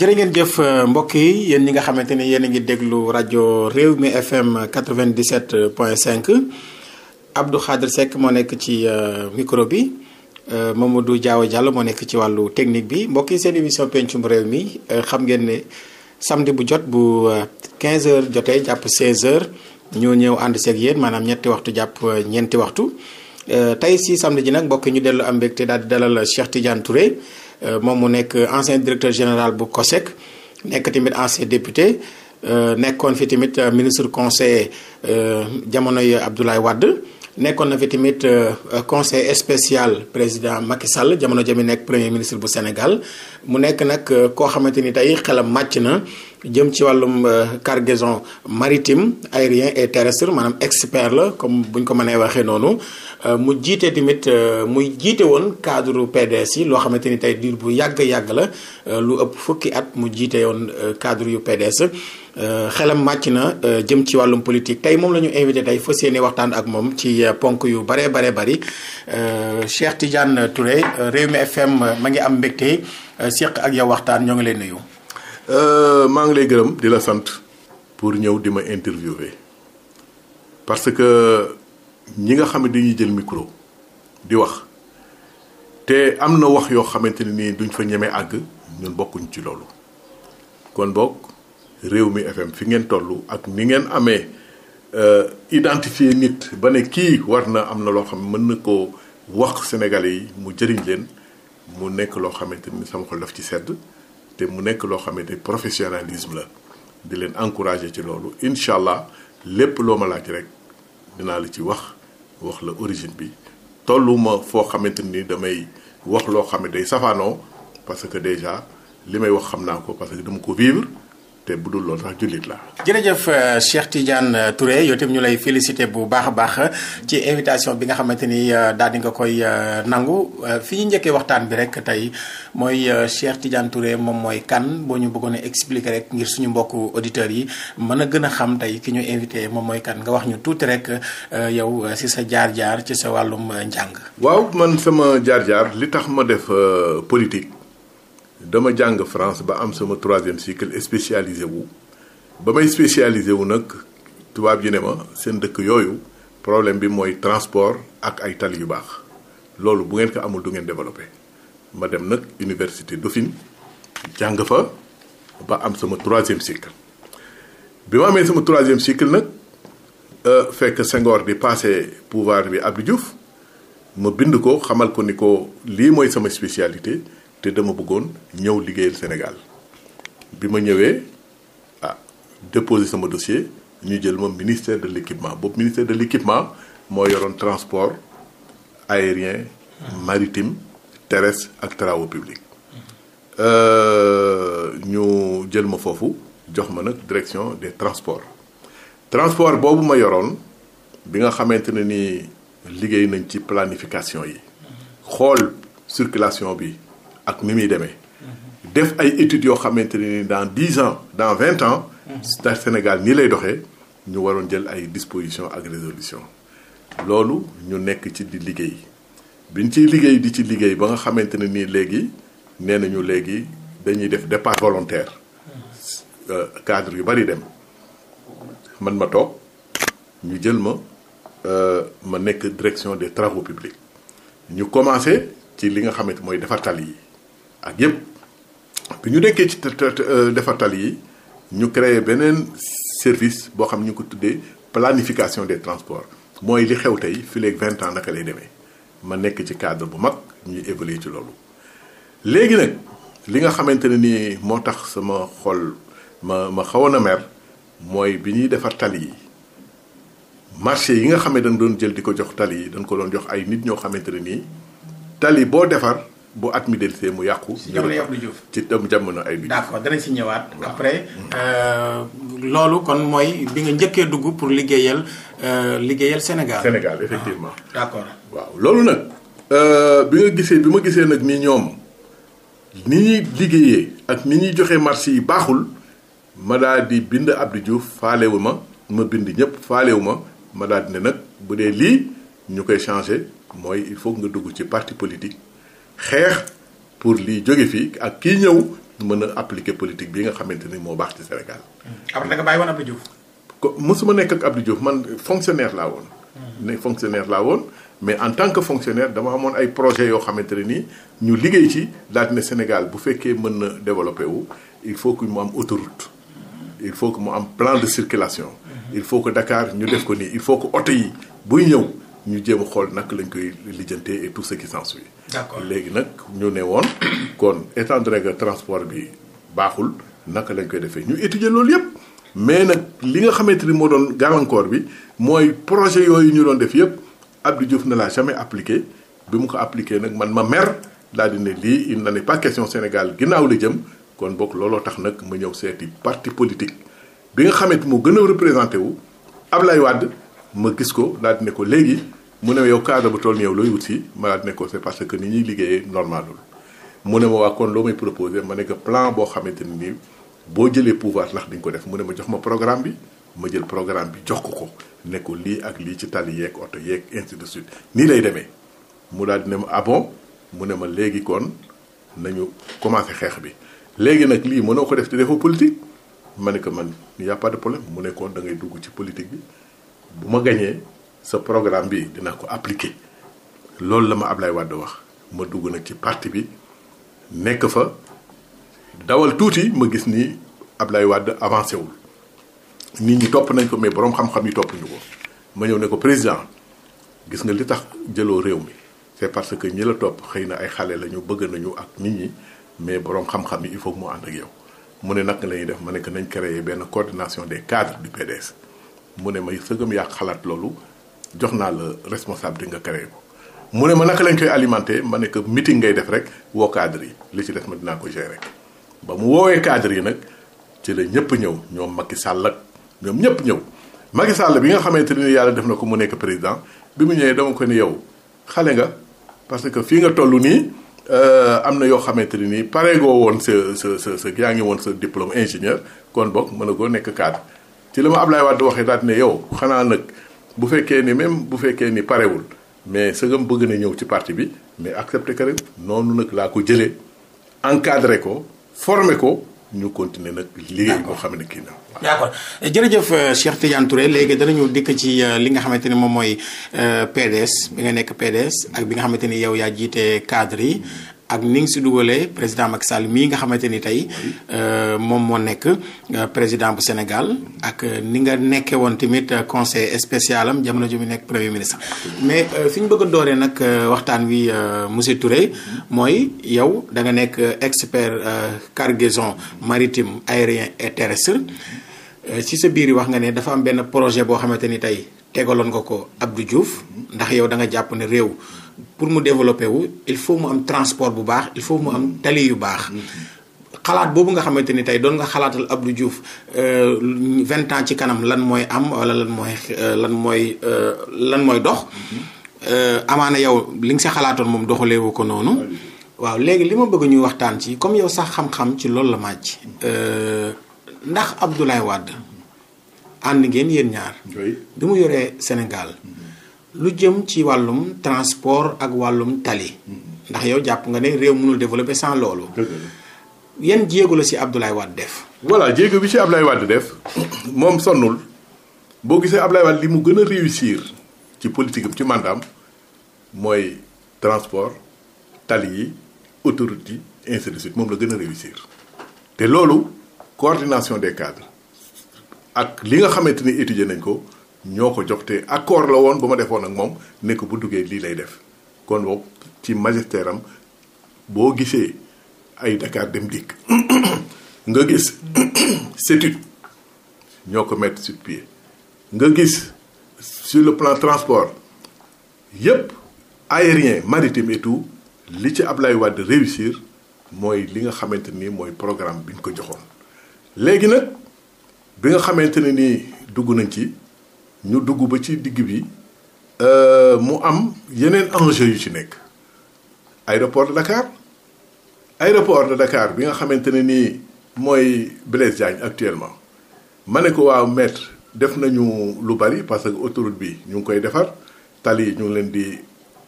jërë ngeen jëf euh, mbokk yi yéen ñi nga xamante ni yéen a ngi déglu rajo réew mi FM 97.5 Abdou Khadre Seck moo nekk ci euh, micro bi euh, moom du Diaw Diallo moo nekk ci wàllu technique bi mbokk yi seen émission pencum réew mi xam ngeen ne samedi bu jot bu quinze h jotee jàpp 16h ñoo ñëw ànd seeg yéen maanaam ñetti waxtu jàpp ñeenti waxtu tey si samedi ji nag mbokk ñu dellu am mbégte daal di dalal Cheikh Tidiane Touré. Euh, moom mu nekk ancien directeur général bu COSEC nekk tamit ancien député euh, nekkoon fi tamit euh, ministre conseil jamonoy Abdoulaye wadd nekkoon na fi tamit conseil spécial président Macky Sall jamono jami nekk premier ministre bu Sénégal mu nekk nag koo xamante ni tey xelam màcc na. jëm ci wàllum euh, cargaison maritime aérien et terrestre maanaam expert la comme buñ ko mënee waxee noonu euh, mu jiite tamit euh, muy jiite woon cadre PDS yi loo xamante ni tey diir bu yàgg yàgg la lu ëpp fukki at mu jiite woon cadre yu PDS xelam màcc na jëm ci wàllum politique tey moom la ñu invité tey fas yéene waxtaan ak moom ci ponk yu bare bare bari Cheikh Tidiane Touré Rewmi FM ma ngi am mbégte seq ak yow waxtaan ñoo ngi leen nuyu. Euh, maa ngi lay gërëm di la sant pour ñëw di ma interviewer parce que ñi nga xam ne dañuy jël micro di wax te am na wax yoo xamante ne nii duñ fa ñeme àgg ñun bokkuñ ci loolu kon boog réew mi FM fi ngeen tollu ak mi ngeen amee euh, identifier nit ba ne kii war na am na loo xam mën na koo wax sénégalais yi mu jëriñ leen mu nekk loo xamante ni sama xol daf ci sedd te mu nekk loo xamante professionnalisme la di leen encourager ci loolu incha allah lépp loo ma laaj rek dinaa li ci wax wax la origine bi tolluma foo xamante ni damay wax loo xam ne day safaanoo parce que déjà li may wax xam naa ko parce que dama ko vivre bu dul loolu sax jullit la jërëjëf euh, Cheikh Tidiane euh, Touré yow tamit ñu lay félicité bu baax a baax ci invitation bi nga xamante ni euh, daal di nga koy nangu fi ñu njëkkee waxtaan bi rek tey mooy Cheikh Tidiane Touré moom mooy kan boo ñu bëggoon a expliquer rek ngir suñu mbokk auditeurs yi mën a gën a xam tey ki ñu invité moom mooy kan nga wax ñu tuuti rek yow si sa jaar-jaar ci sa wàllum njàng. waaw man sama jaar-jaar li tax ma def politique. dama jàng France ba am sama troisième cycle spécialisé wu ba may spécialisé wu nag tubaab yi ne ma seen dëkk yooyu problème bi mooy transport ak ay tali yu baax loolu bu ngeen ko amul du ngeen développé ma dem nag université Dauphine jàng fa ba am sama troisième cycle bi ma amee sama troisième cycle nag euh, fekk Senghor di passé pouvoir bi Abdou Diouf ma bind ko xamal ko ni ko lii mooy sama spécialité te dama bëggoon ñëw liggéeyal Sénégal bi ma ñëwee ah déposé sama dossier ñu jël ma ministère de l'équipement boobu ministère de l'équipement moo yoroon transport aérien maritime terrestre ak travaux publics euh, ñu jël ma foofu jox ma nag direction des transports transport boobu ma yoroon bi nga xamante ne ni liggéey nañ ci planification yi xool circulation bi ak mi muy demee. def ay études yoo xamante ne ni dans dix ans dans vingt ans. stade Sénégal nii lay doxee ñu waroon jël ay dispositions ak résolution loolu ñu nekk ci di liggéey biñ ciy liggéey di ci liggéey ba nga xamante ne nii léegi nee nañu léegi dañuy def départ volontaire. Euh, cadre yu bari dem man ma toog ñu jël ma euh, ma nekk direction des travaux publics ñu commencé ci li nga xamante mooy defar tali yi. ak yëpp bi ñu nekkee ci euh, defar tali yi ñu créer beneen service boo xam ñu ko tuddee planification des transport mooy li xew tey fii léegi vingt ans naka lay demee ma nekk ci cadre bu mag ñuy évoluer ci loolu. léegi nag li nga xamante ne nii moo tax sama xol ma ma xawoon a mer mooy bi ñuy defar tali yi marché yi nga xam ne doon jël di ko jox tali yi dañ ko doon jox ay nit ñoo xamante ne nii tali boo defar. boo at mi dellusee mu yàqu. ci jamono Abdou Diouf ci jamono ay. d'accord danañ si ñëwaat. après mm. euh, loolu kon mooy bi nga njëkkee dugg pour liggéeyal euh, liggéeyal Sénégal. Sénégal effectivement. Ah, d'accord waaw loolu nag. Euh, bi nga gisee bi ma gisee nag ni ñoom ni ñuy liggéeyee ak ni ñuy joxe marché yi baaxul ma daal di bind Abdou Diouf faalewu ma ma bind ñëpp faalewu ma ma daal di ne nag bu dee lii ñu koy changer mooy il faut nga dugg ci partie politique. xeex pour lii jóge fii ak kii ñëw mën a appliquer politique bi nga xamante ni moo baax ci Sénégal. am mm-hmm. na nga bàyyi woon Abdou Diouf. mosuma nekk ak Abdou Diouf man fonctionnaire laa woon. Mm-hmm. ne fonctionnaire laa woon mais en tant que fonctionnaire dama amoon ay projet yoo xamante ne nii ñu liggéey ci daal ne Sénégal bu fekkee mën na développé wu il faut que mu am autorite mm-hmm. il faut que mu am plan de circulation. il faut que Dakar ñu def ko nii il faut que oto yi buy ñëw. ñu jéem a xool naka lañ koy lijjantee et tout ce qui s'ensuit. léegi nag ñu ne woon kon étant donné que transport bi baaxul naka lañ koy defee ñu étudier loolu yëpp. mais nag li nga xamante ni moo doon gàllankoor bi mooy projet yooyu ñu doon def yëpp Abdou Diouf na l'a jamais appliqué bi mu ko appliqué nag man ma mer daal di ne lii il n'en est pas question Sénégal ginnaaw la jëm kon bokk looloo tax nag ma ñëw seeti parti politique bi nga xamante moo gën a représenté wu Ablaye Wade. ma gis ko daal di ne ko léegi mu ne yow cadre bu toll ni yow looy wut fii ma daal di ne ko c'est parce que ni ñuy liggéeyee normalul mu ne ma waa kon loo may proposé ma ne que plan boo xamante ne nii boo jëlee pouvoir ndax di ko def mu ne ma jox ma programme bi ma jël programme bi jox ko ko ne lii ak lii ci tali yeeg oto yeeg ainsi de suite nii lay demee mu daal di ne ma ah mu ne ma léegi kon nañu commencé xeex bi léegi nag lii mënoo ko def te defoo politique ma ne que man y a pas de problème mu ne kon da ngay dugg ci politique bi. bu ma gañee sa programme bi dina ko appliquer loolu la ma lay wadd wax ma dugg nag ci parti bi nekk fa dawal tuuti ma gis ni Ablaye Wade avancé wul nit ñi topp nañ ko mais boroom xam-xam yi topp ñu ko ma ñëw ne ko président gis nga li tax jëloo réew mi c'est parce que ñi la topp xëy na ay xale la ñu bëgg nañu ak nit ñi mais boroom xam-xam yi il faut mu ànd ak yow mu ne nag la ñuy def ma nekk que nañ créer benn coordination des cadres du PDS mu ne may sëgëm yàq xalaat loolu jox naa la responsabilité nga créé ko mu ne ma naka lañ koy alimenté ma ne que meeting ngay def rek woo cadre yi li ci def ma dinaa ko rek ba mu woowee cadre yi nag ci la ñëpp ñëw ñoom Macky sàll ak ñoom ñëpp ñëw Macky Sall bi nga xamante ne yàlla def na ko mu nekk président bi mu ñëwee dama ko ni yow xale nga parce que fii nga toll nii euh, am na yoo xamante ne nii pareegoo woon sa sa sa yaa ngi woon sa diplôme ingénieur kon mën a goo nekk cadre. ci la ma am Ablaye Wade waxee daal ne yow xanaa nag bu fekkee ni même bu fekkee ni parewul mais sëgam bëgg na ñëw ci parti bi mais accepté que noonu nag laa ko jëlee encadré ko forme ko ñu continuer nag liggéey boo xam ne kii na d' accord jërëjëf euh, Cheikh Tidiane Touré léegi danañu dikk ci euh, li nga xamante ni moom mooy euh, PDS bi nga nekk PDS ak bi nga xamante ni yow yaa jiite cadre yi ak ni nga si dugalee président mac Sall mii nga xamante ni tey euh, moom moo nekk euh, président bu Sénégal ak euh, ni nga nekkee woon tamit conseil spécial am jamono ju mu nekk premier ministre. mais fi ñu bëgg a dooree nag waxtaan wi monsieur Touré mooy yow da nga nekk expert cargaison maritime aérien et terrestre ci sa biir wax nga ne dafa am benn projet boo xamante ni tey tegaloon nga ko Abdou juuf ndax yow da nga jàpp ne réew. pour mu développer wu il faut mu am transport bu baax il faut mu am tali yu baax. xalaat boobu nga xamante ni tey doon nga xalaatal Abdou Diouf euh, vingt ans ci kanam lan mooy am wala lan mooy euh, lan euh, lan mooy dox. amaana yow li nga sa xalaatoon moom doxalee woo ko noonu. waaw léegi li ma bëgg ñuy waxtaan ci comme yow sax xam-xam ci loolu la màcc. ndax Abdoulaye Wade ànd ngeen yéen ñaar. bi mu yoree Sénégal. Mm-hmm. lu jëm ci wàllum transport ak wàllum tali. ndax yow jàpp nga ne réew mënul développer sans loolu. yan jéego la si Abdoulaye Wade def. voilà jéego bi si Abdoulaye Wade def moom sonnul boo gisee Abdoulaye Wade li mu gën a réussir ci politique am ci mandaam mooy transport tali yi autoroute yi ainsi moom la gën a réussir. te loolu coordination des cadres ak li nga xamante ni étudier nañ ko. ñoo ko jox te accord la woon bu ma defoon ak moom ne ko bu duggee lii lay def kon boobu ci magistère am boo gisee ay Dakar dem dikk nga gis CETUD ñoo ko mettre sur nga gis sur le plan transport yépp aérien maritime et li ci Ablaye Wade réussir mooy li nga xamante ni mooy programme bi ñu ko joxoon léegi nag bi nga xamante ne nii dugg nañ ci ñu dugg ba ci digg bi euh, mu am yeneen enjeu yu ci nekk aéroport de Dakar aéroport de Dakar bi nga xamante ne nii mooy Blaise Diagne actuellement ma ne ko waaw maître def nañu lu bari parce que autoroute bi ñu ngi koy defar tali yi ñu ngi leen di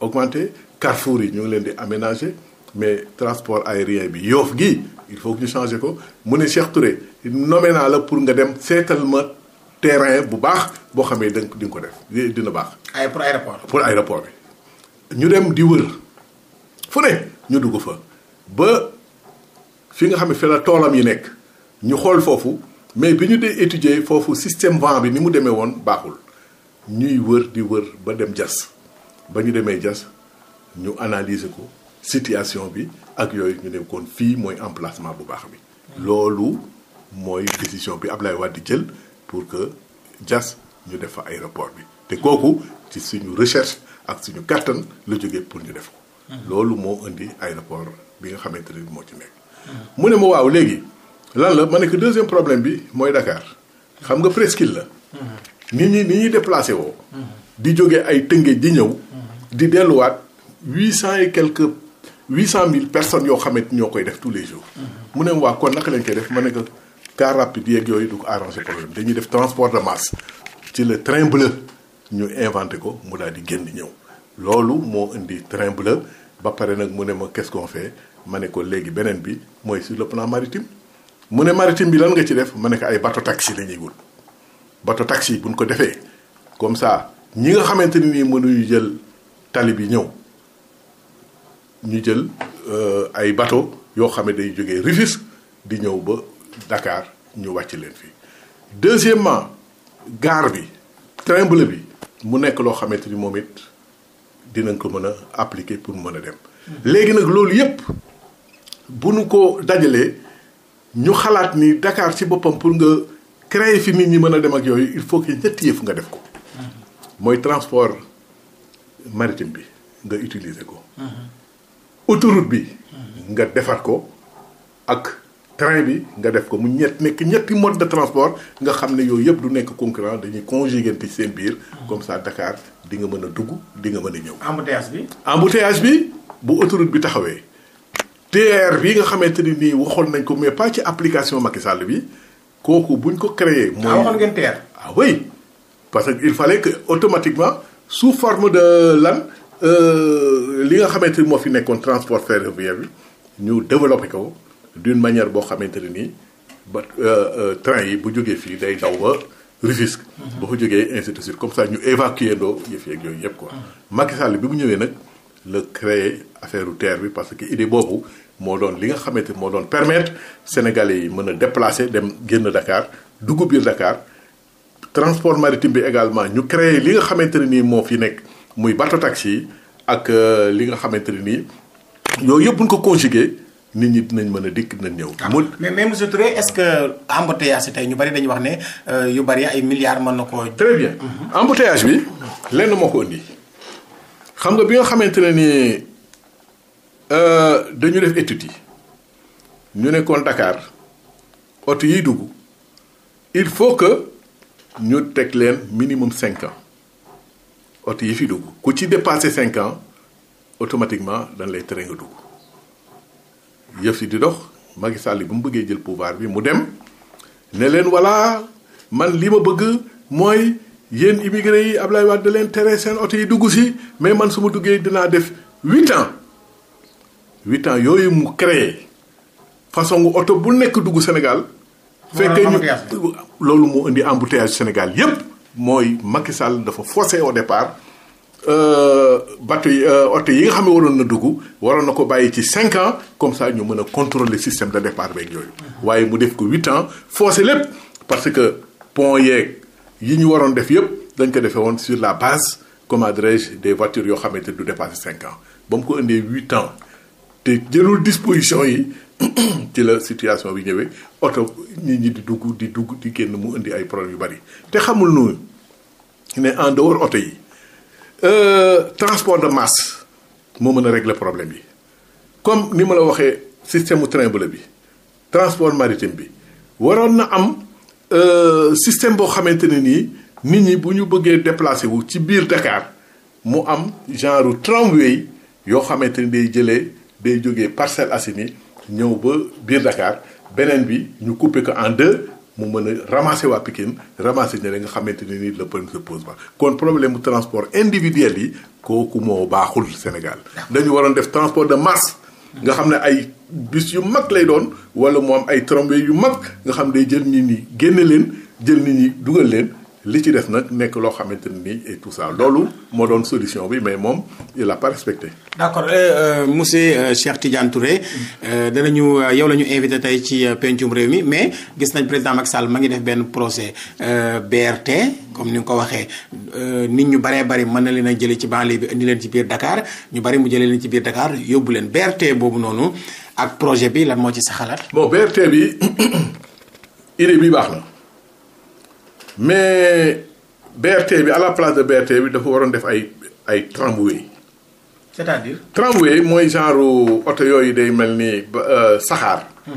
augmenter carrefour yi ñu ngi leen di aménager mais transport aérien bi yoof gi il faut que ñu changer ko mu ne Cheikh Touré nommé naa la pour nga dem seetal ma terrain bu baax boo xamee da nga ko def dina baax. ay pour aéroport. pour aéroport bi ñu dem di wër fu ne ñu dugg fa ba fi nga xam ne fi la toolam yi nekk ñu xool foofu mais bi ñu dee étudier foofu système vent bi ni mu demee woon baaxul ñuy wër di wër ba dem jas ba ñu demee jas ñu analyser ko situation bi ak yooyu ñu ne kon fii mooy emplacement bu baax bi. Mm. loolu mooy décision bi Ablaye Wade di jël. pour que Diass ñu def fa aéroport bi te kooku ci suñu recherche ak suñu kàttan la jógee pour ñu def ko. Mhm. loolu moo indi aéroport bi nga xamante ne moo ci nekk. mu ne ma waaw léegi lan la ma ne deuxième problème bi mooy Dakar xam nga presqu'île la. Mhm. nit ñi ni ñuy déplacé woo. Mhm. di jóge ay tënge di ñëw. di delluwaat huit cent et quelques huit cent mille personnes yoo xamante ñoo koy def tous les jours. mu ne waa kon naka lañ koy def ma ne que car rapide yeeg yooyu du ko arrangé problème dañuy def transport de masse ci le train bleu ñu inventé ko mu daal di génn ñëw loolu moo indi train bleu ba pare nag mu ne ma qu'est-ce qu'on fait ma ne ko léegi beneen bi mooy sur le plan maritime mu ne maritime bi lan nga ci def ma ne ko ay bateau taxi la ñuy wut bateau taxi buñ ko defee comme ça ñi nga xamante ni nii mënuñu jël tali bi ñëw ñu jël euh, ay bateau yoo xam ne day jógee Rufisque di ñëw ba dakaar ñu wàcc leen fii deuxièmement gaar bi train bi mu nekk loo xamante ni moom it dinañ ko mën a appliquer pour mën a dem léegi nag loolu yépp bu nu ko dajalee ñu xalaat ni dakaar ci boppam pour nga yi fi nit ñi mën a dem ak yooyu il faut que ñetti yëf nga def ko mooy transport maritime bi nga utiliser ko mhm. autoroute bi nga defar ko ak train bi nga def ko mu ñett nekk ñetti mode de transport nga xam ne yooyu yëpp du nekk concurrent dañuy conjugante seen biir. comme sa Dakar dinga mën a dugg di nga mën a ñëw. embouteillage bi. embouteillage bi bu autoroute bi taxawee. TER bi nga xamante ni nii waxoon nañ ko mais pas ci application Macky Sall bi kooku buñ ko créé. mooy ah waxoon ngeen TER. ah oui parce que il fallait que automatiquement sous forme de lan euh, li nga xamante ni moo fi nekkoon transport ferroviaire bi ñu développé ko. d'une manière boo xamante ne nii ba euh, euh, train yi bu jógee fii day daw ba Rufisque mhm. ba fa jógee ainsi comme sax ñu évacuer ndoo yëf yeeg yooyu yëpp quoi mhm. Macky Sall bi mu ñëwee nag la créer affaire u terre bi parce que idée boobu moo doon li nga xamante moo doon permettre sénégalais yi mën a déplacer dem génn Dakar dugg biir Dakar transport maritime bi également ñu créer li nga xamante ne nii moo fi nekk muy bateau taxi yi ak euh, li nga xamante ne nii yooyu yëpp buñ ko conjugué nit ñi dinañ mën a dikk dinañ ñëw. Ah, mais mais monsieur Touré est-ce que embouteillage yi tey ñu bari dañuy wax ne euh, yu bari ay milliards mën na koo. très bien mhm. embouteillage bi lenn moo ko indi xam nga bi nga xamante ne ni euh, dañu def étude yi ñu nekkoon Dakar oto yiy dugg il faut que ñu teg leen minimum cinq ans oto yi fi dugg ku ci dépassé cinq ans automatiquement dañ lay tere nga dugg. yëf si di dox Macky Sall bi mu bëggee jël pouvoir bi mu dem ne leen voilà man li ma bëgg mooy yéen immigré yi Ablaye Wade da leen tere seen oto yi dugg si mais man su ma duggee dinaa def huit ans huit ans yooyu mu créé façon oto bu nekk dugg senegal fekkee ñu loolu moo indi embouteillage Sénégal yépp mooy Macky Sall dafa forcé au départ. Euh, bato yi euh, oto yi nga xam ne waroon na dugg waroon na ko bàyyi ci cinq ans comme ça ñu mën a contrôler système de départ beeg yooyu. waaye mu def ko huit ans si lépp parce que pont yeeg yi ñu waroon def yëpp dañ ko defee woon sur la base comment dirais-je des voitures yoo xamante du dépasser cinq ans ba mu ko indee huit ans te jëlul disposition yi ci la situation bi ñëwee oto nit ñi di dugg di dugg di génn mu indi ay problème yu bari te xamul nu ne en dehors oto yi. Euh, transport de masse moo mën a régler problème yi comme ni ma la waxee système mu train bleu bi transport maritime bi waroon na am euh, système boo xamante ne nii nit ñi bu ñu bëggee déplacé wu ci biir dakaar mu am genre tramway yoo xamante ni day jëlee day jógee Parcelles Assainies ñëw ba biir Dakar beneen bi ñu couper ko en deux. mu mën a ramasser waa Pikine ramasser ñeneen nga xamante ni nii le problème se pose pas kon problème mu transport individuel yi kooku moo baaxul Sénégal. dañu waroon def transport de masse. nga xam ne ay bis yu mag lay doon wala moom ay tramway yu mag nga xam day jël nit ñi génne leen jël nit ñi dugal leen. li ci def nag nekk loo xamante ni et tout ça loolu moo doon solution bi mais moom il a pas respecté. d' accord eh, euh, monsieur euh, Cheikh Tidiane Touré euh, danañu euh, yow la ñu invité tey ci pencum réew mi mais gis nañ président Macky Sall ma ngi def benn procès BRT comme ni nga ko waxee nit ñu baree bari mën na leen a jëlee ci banlieue bi indi leen ci biir Dakar ñu bari mu jële leen ci biir dakaar yóbbu leen BRT boobu noonu ak projet bi lan moo ci sa xalaat. boo BRT bi idée bi baax na. mais BRT bi à la place de BRT bi dafa waroon def ay ay tramway. c'est-à-dire. tramway mooy genre oto yooyu day mel ni euh, saxaar. Mhm.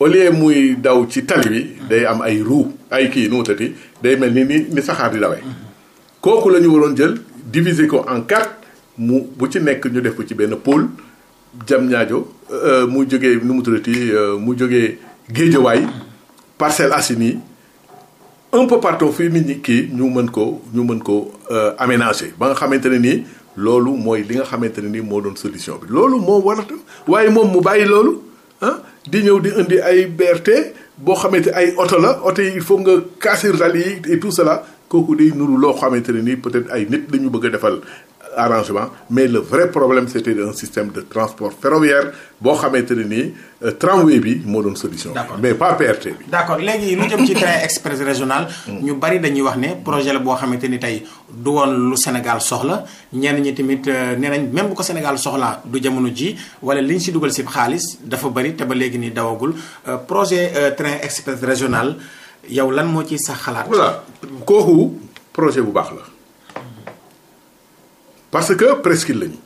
au lieu muy daw ci tali bi. Mhm. day am ay roue ay kii nu wutati day mel ni ni ni saxaar di dawee. Mhm. kooku lañu waroon jël diviser ko en quatre mu bu ci nekk ñu def ko ci benn pôle jam ñaajo euh, mu jógee nu mu tuddati euh, mu jógee géejawaay Parcelles Assainies un peu partout fii nit ñi kii ñu mën ko ñu mën ko euh, aménager ba nga xamante ne nii loolu mooy li nga xamante ne nii moo doon solution bi loolu moo warata waaye moom mu bàyyi loolu ah di ñëw di indi ay BRT boo xamante ay oto la oto yi foog nga casser rali yi et tout cela kooku day nuru loo xamante ne nii peut-être ay nit la ñu bëgg a defal arrangement mais le vrai problème c'était un système de transport ferroviaire boo xamante ne nii euh, tramway bi moo doon solution. mais par PRT bi. d'accord léegi lu jëm ci train express régional. Mm. ñu bari dañuy wax ne projet la boo xamante ni tey du woon lu Sénégal soxla ñenn ñi tamit euh, nee nañ même bu ko Sénégal soxlaa du jamono ji wala liñ si dugal si xaalis dafa bari te ba léegi nii dawagul euh, projet train express régional yow lan moo ci sax xalaat. voilà kooku projet bu baax la. parce que presqu'île lañu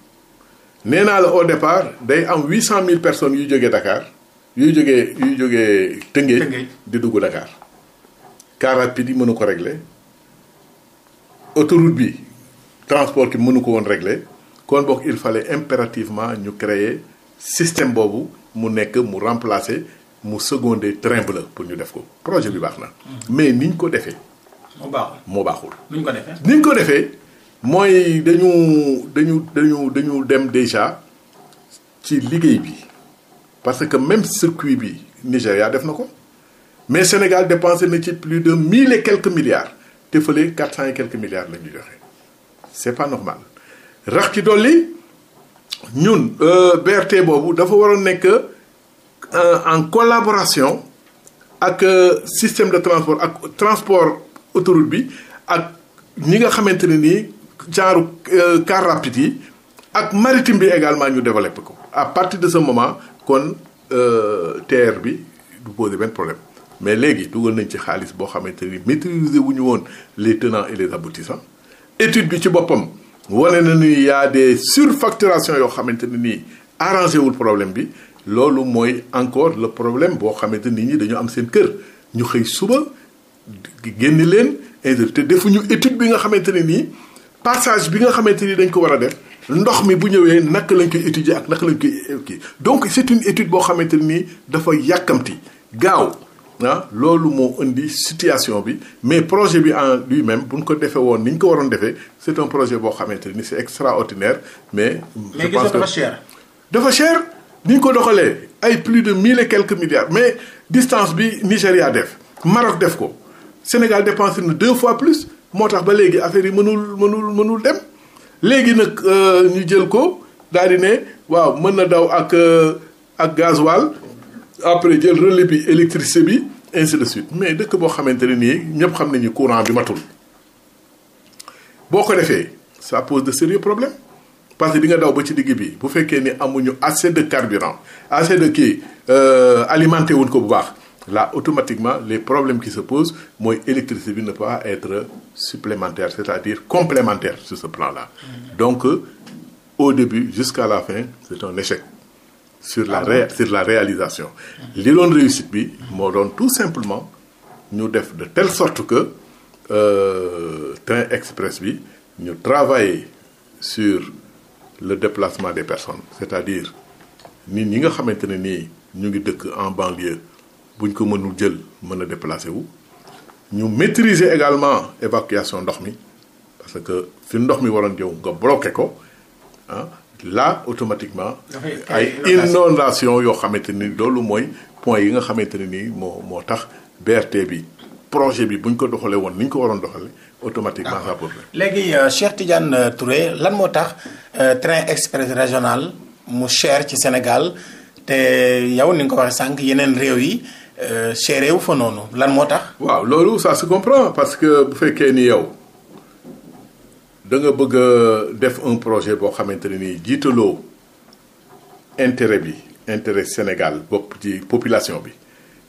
nee naa la au départ day am huit cent mille personnes yu jógee Dakar yuy jógee yuy jógee Tëngéej di dugg Dakar car rapide yi mënu ko regle autoroute bi transport ki mënu ko woon regle kon boog il fallait impérativement ñu créer système boobu mu nekk mu remplacer mu seconder train bleu pour ñu def ko projet bi baax na mm. mais niñ ko defee moo baaxul baaxul niñ ko defee niñ ko defee mooy dañu dañu dañu dañu dem déjà ci liggéey bi parce que même circuit bi Nigéria def na ko mais Sénégal dépensé na ci plus de mille et quelques milliards te fële quatre cent et quelques milliards la ñu joxe c'est pas normal rax ci dolli ñun euh, BRT boobu dafa waroon nekk euh, en collaboration ak euh, système de transport ak transport autoroute bi ak ñi nga xamante ne nii genre euh, car rapide yi ak maritime bi également ñu développé ko à partir de ce moment kon euh, TER bi du poser benn problème mais léegi dugal nañ ci xaalis boo xamante ni maîtriser wu ñu woon les tenants et les étude bi ci boppam wane na ni yaa a des surfacturations yoo xamante ne nii arrangé wul problème bi loolu mooy encore la problème boo xamante nit ñi dañu am seen kër ñu xëy suba génn leen et te defuñu étude bi nga xamante ne nii. passage bi nga xamante ni dañ ko war a def ndox mi bu ñëwee naka lañ koy étudier ak naka lañ koy euh, kii donc c'est une étude boo xamante nii dafa yàkkamti gaaw ah loolu moo indi situation bi mais projet bi en lui-même bu ñu ko defee woon ni ñu ko waroon defee c'est un projet boo xamante ni c'est extraordinaire mais. je dafa cher. ni ñu ko doxalee ay plus de mille quelque quelques mais distance bi Nigéria def Maroc def ko Sénégal dépensé na deux fois plus. moo tax ba léegi affaire yi mënul mënul mënul dem léegi nag euh, ñu jël ko daal di ne waaw mën na daw ak euh, ak gasoil après jël relais bi électricité bi ainsi suite mais dëkk boo xamante ne nii ñëpp xam nañu courant bi matul boo ko defee ça pose de sérieux problème parce que di nga daw ba ci digg bi bu fekkee ni amuñu assez de carburant assez de kii euh, alimenté wuñ ko bu baax là automatiquement les problème qui se posent mooy électricité bi ne peut pas être supplémentaire c'est-à-dire complémentaire sur ce plan la mm. donc euh, au début jusqu'à la fin c'est un échec sur la ah sur la réalisation li doon réussite bi moo doon tout simplement ñu def de telle sorte que euh, train express bi ñu travailler sur le déplacement des personnes c'est-à-dire nit ñi nga xamante ne nii ñu ngi dëkk en banlieue buñ ko mënul jël mën a déplacé wu ñu maîtriser également évacuation ndox mi parce que fi ndox mi waroon jëw nga bloqué ko ah là automatiquement ay inondation yoo xamante ni loolu mooy point yi nga xamante ne nii moo moo tax BRT bi projet bi bu ñu ko doxalee woon ni ñu ko waroon doxalee automatiquement ça problème léegi euh, Cheikh Tidiane euh, Touré lan moo tax euh, train express régional mu cher ci Sénégal te yow ni nga ko waxee sànq yeneen réew yi seeree euh, wu fa noonu lan moo tax. waaw loolu ça se comprend parce que bu fekkee ni yow da nga bëgg a def un projet boo xamante ne nii jiitaloo intérêt bi intérêt Sénégal bopp ci population bi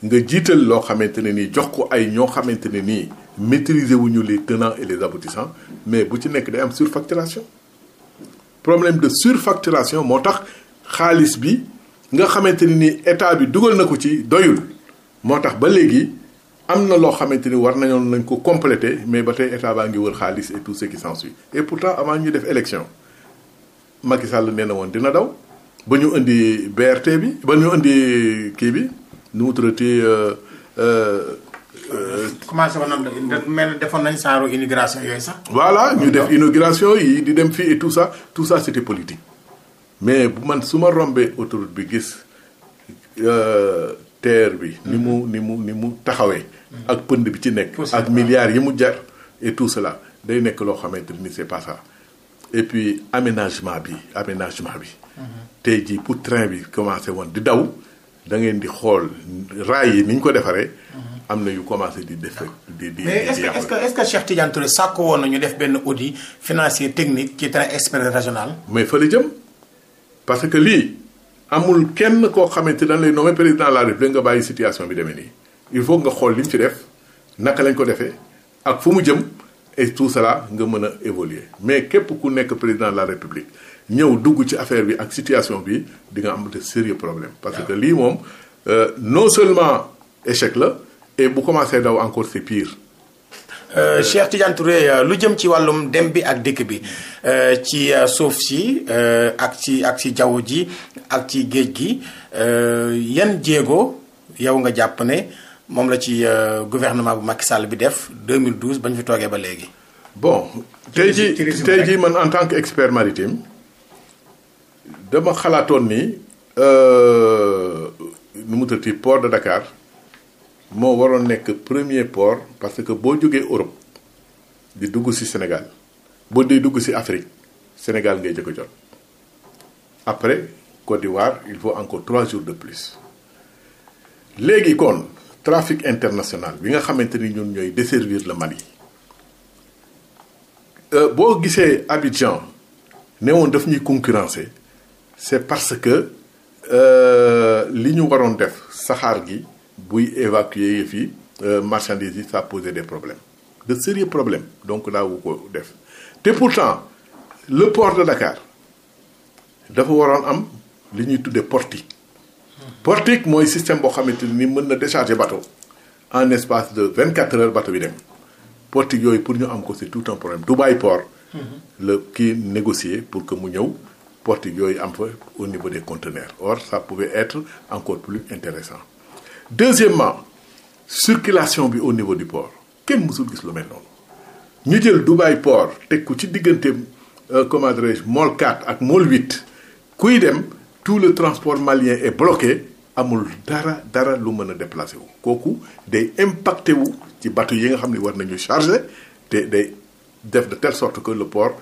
nga jiital loo xamante ne nii jox ko ay ñoo xamante ne nii maîtriser wuñu les tenants et les aboutissants mais bu ci nekk day am surfacturation problème de surfacturation moo tax xaalis bi nga xamante ne nii état bi dugal na ko ci doyul. moo tax ba léegi am na loo xamante ni war nañoon nañ ko complété mais ba tey état baa ngi wër xaalis et tout ce qui s'ensuit et pourtant avant ñu def élection Macky Sall nee na woon dina daw ba ñu indi BRT bi ba ñu indi kii bi nu mu tuddati. Euh, euh, euh, commencé woon nañ mel defoon nañ saaru inauguration yooyu sax. voilà ñu def inauguration yi di dem fii et tout sax tout ça c'était politique mais bu man su ma rombee autoroute bi gis. terre bi ni mu ni mu ni mu taxawee ak pënd bi ci nekk ak milliards yi mu jar et tout cela day nekk loo xamante ni c'est pas ça et puis aménagement bi aménagement bi mhm. te jii pour train bi commencé woon di daw da ngeen di xool raay yi nu ñu ko defaree mhm. am na yu commencer di def di di mais est-ce que est-ce que Cheikh Tidiane Touré sàkku woon nañu def benn audit financier technique ci train express régional mais fa la jëm parce que lii amul kenn koo xamante dañ lay nommé président de la république nga bàyyi situation bi demee nii il faut nga xool li mu ci def naka lañ ko defee ak fu mu jëm et tout cela nga mën a évoluer mais képp ku nekk président la république ñëw dugg ci affaire bi ak situation bi di nga am de sérieux problème parce que lii moom euh, non seulement échec la et bu commencé daw encore c'est pire Euh, Cheikh Tidiane euh, lu jëm ci wàllum dem bi ak dikk bi euh, ci suuf si ak ci ak ci jaww ji ak ci géej gi yan jéego yow nga jàpp ne moom la ci gouvernement bu Macky Sall bi def 2012 ba ñu fi toogee ba léegi. bon tey ji tey jii man en tant que expert maritime dama xalaatoon ni nu mu tëddee port de Dakar. moo waroon nekk premier port parce que boo jógee Europe di dugg ci Sénégal boo dee dugg ci Afrique Sénégal ngay jëkk jot après Côte d'Ivoire il faut encore trois jours de plus léegi kon trafic international bi nga xamante ni ñun ñooy desservir le yi euh, boo gisee Abidjan ne woon ñuy concurrencer c'est parce que euh, li ñu waroon def saxaar gi buy évacuer yëf yi euh, marchandises yi ça posait des problèmes de sérieux problème donc daawu ko def te pourtant le port de Dakar dafa waroon am li ñuy tuddee porti portique mooy système boo xamante ni mën na décharger bateau en espace de vingt 24 heures bateau bi dem portique yooyu pour ñu am ko c'est tout un problème bàyyi port mm-hmm. la kii négocier pour que mu ñëw porti yooyu am fa au niveau des conteneurs or ça pouvait être encore plus intéressant deuxièmement circulation bi au niveau du port kenn mosul gis lu mel noonu ñu jël Dubaï port teg ko ci diggante euh, comment dirais-je Môle 4 ak Môle 8 kuy dem tous les transport maliens et bloqué amul dara dara lu mën a déplacé wu kooku day impacté wu ci bateau yi nga xam ni war nañu chargé te day def de telle sorte que le port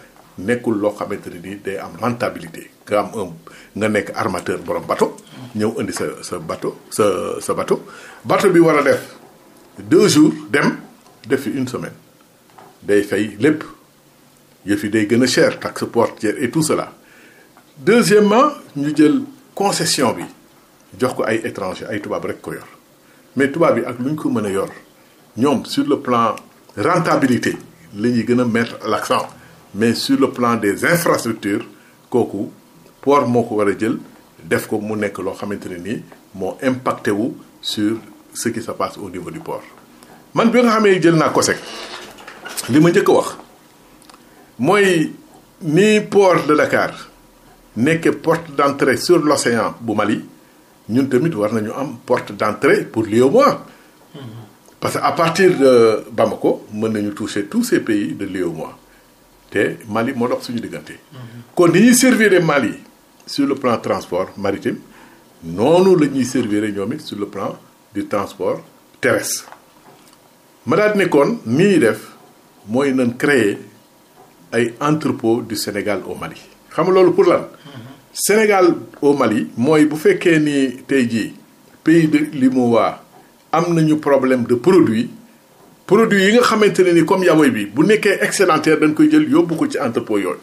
nekkul loo xamante ne ni day am rentabilité nga am un nga nekk armateur borom bato ñëw indi sa sa bateau sa sa bateau bateau bi war a def deux jours dem def fi une semaine day fay lépp yëf yi day gën a cher taxe portière et tout cela deuxièmement ñu jël concession bi jox ko ay étranger ay tubaab rek ko yor mais tubaab yi ak lu ñu ko mën a yor ñoom sur le plan rentabilité la ñuy gën a mettre l'accent mais sur le plan des infrastructures kooku port moo ko war a jël def ko mu nekk loo xamante ne nii moo impacté wu sur ce qui se passe au niveau du port. man bi nga xamee jël naa COSEC li ma njëkk a wax mooy ni port de Dakar nekk porte d'entrée sur l'océan bu Mali ñun tamit war nañu am porte d'entrée pour l'UEMOA mm-hmm. parce que à partir de ko mën nañu toucher tous ces pays de l'UEMOA te Mali moo dox suñu diggante. kon ni ñuy servir Mali sur le plan transport maritime noonu la ñuy servir ñoom it sur le plan du transport terrestre. ma daal ne kon ni def mooy nan créer ay entrepôt du Sénégal au Mali xam nga loolu pour lan. Sénégal au Mali mooy bu fekkee ni tey jii pays de l'UEMOA am nañu problème de produit. produit yi nga xamante ne ni comme yaboy bi bu nekkee excédentaire dañ koy jël yóbbu ko ci entrepôt yooyu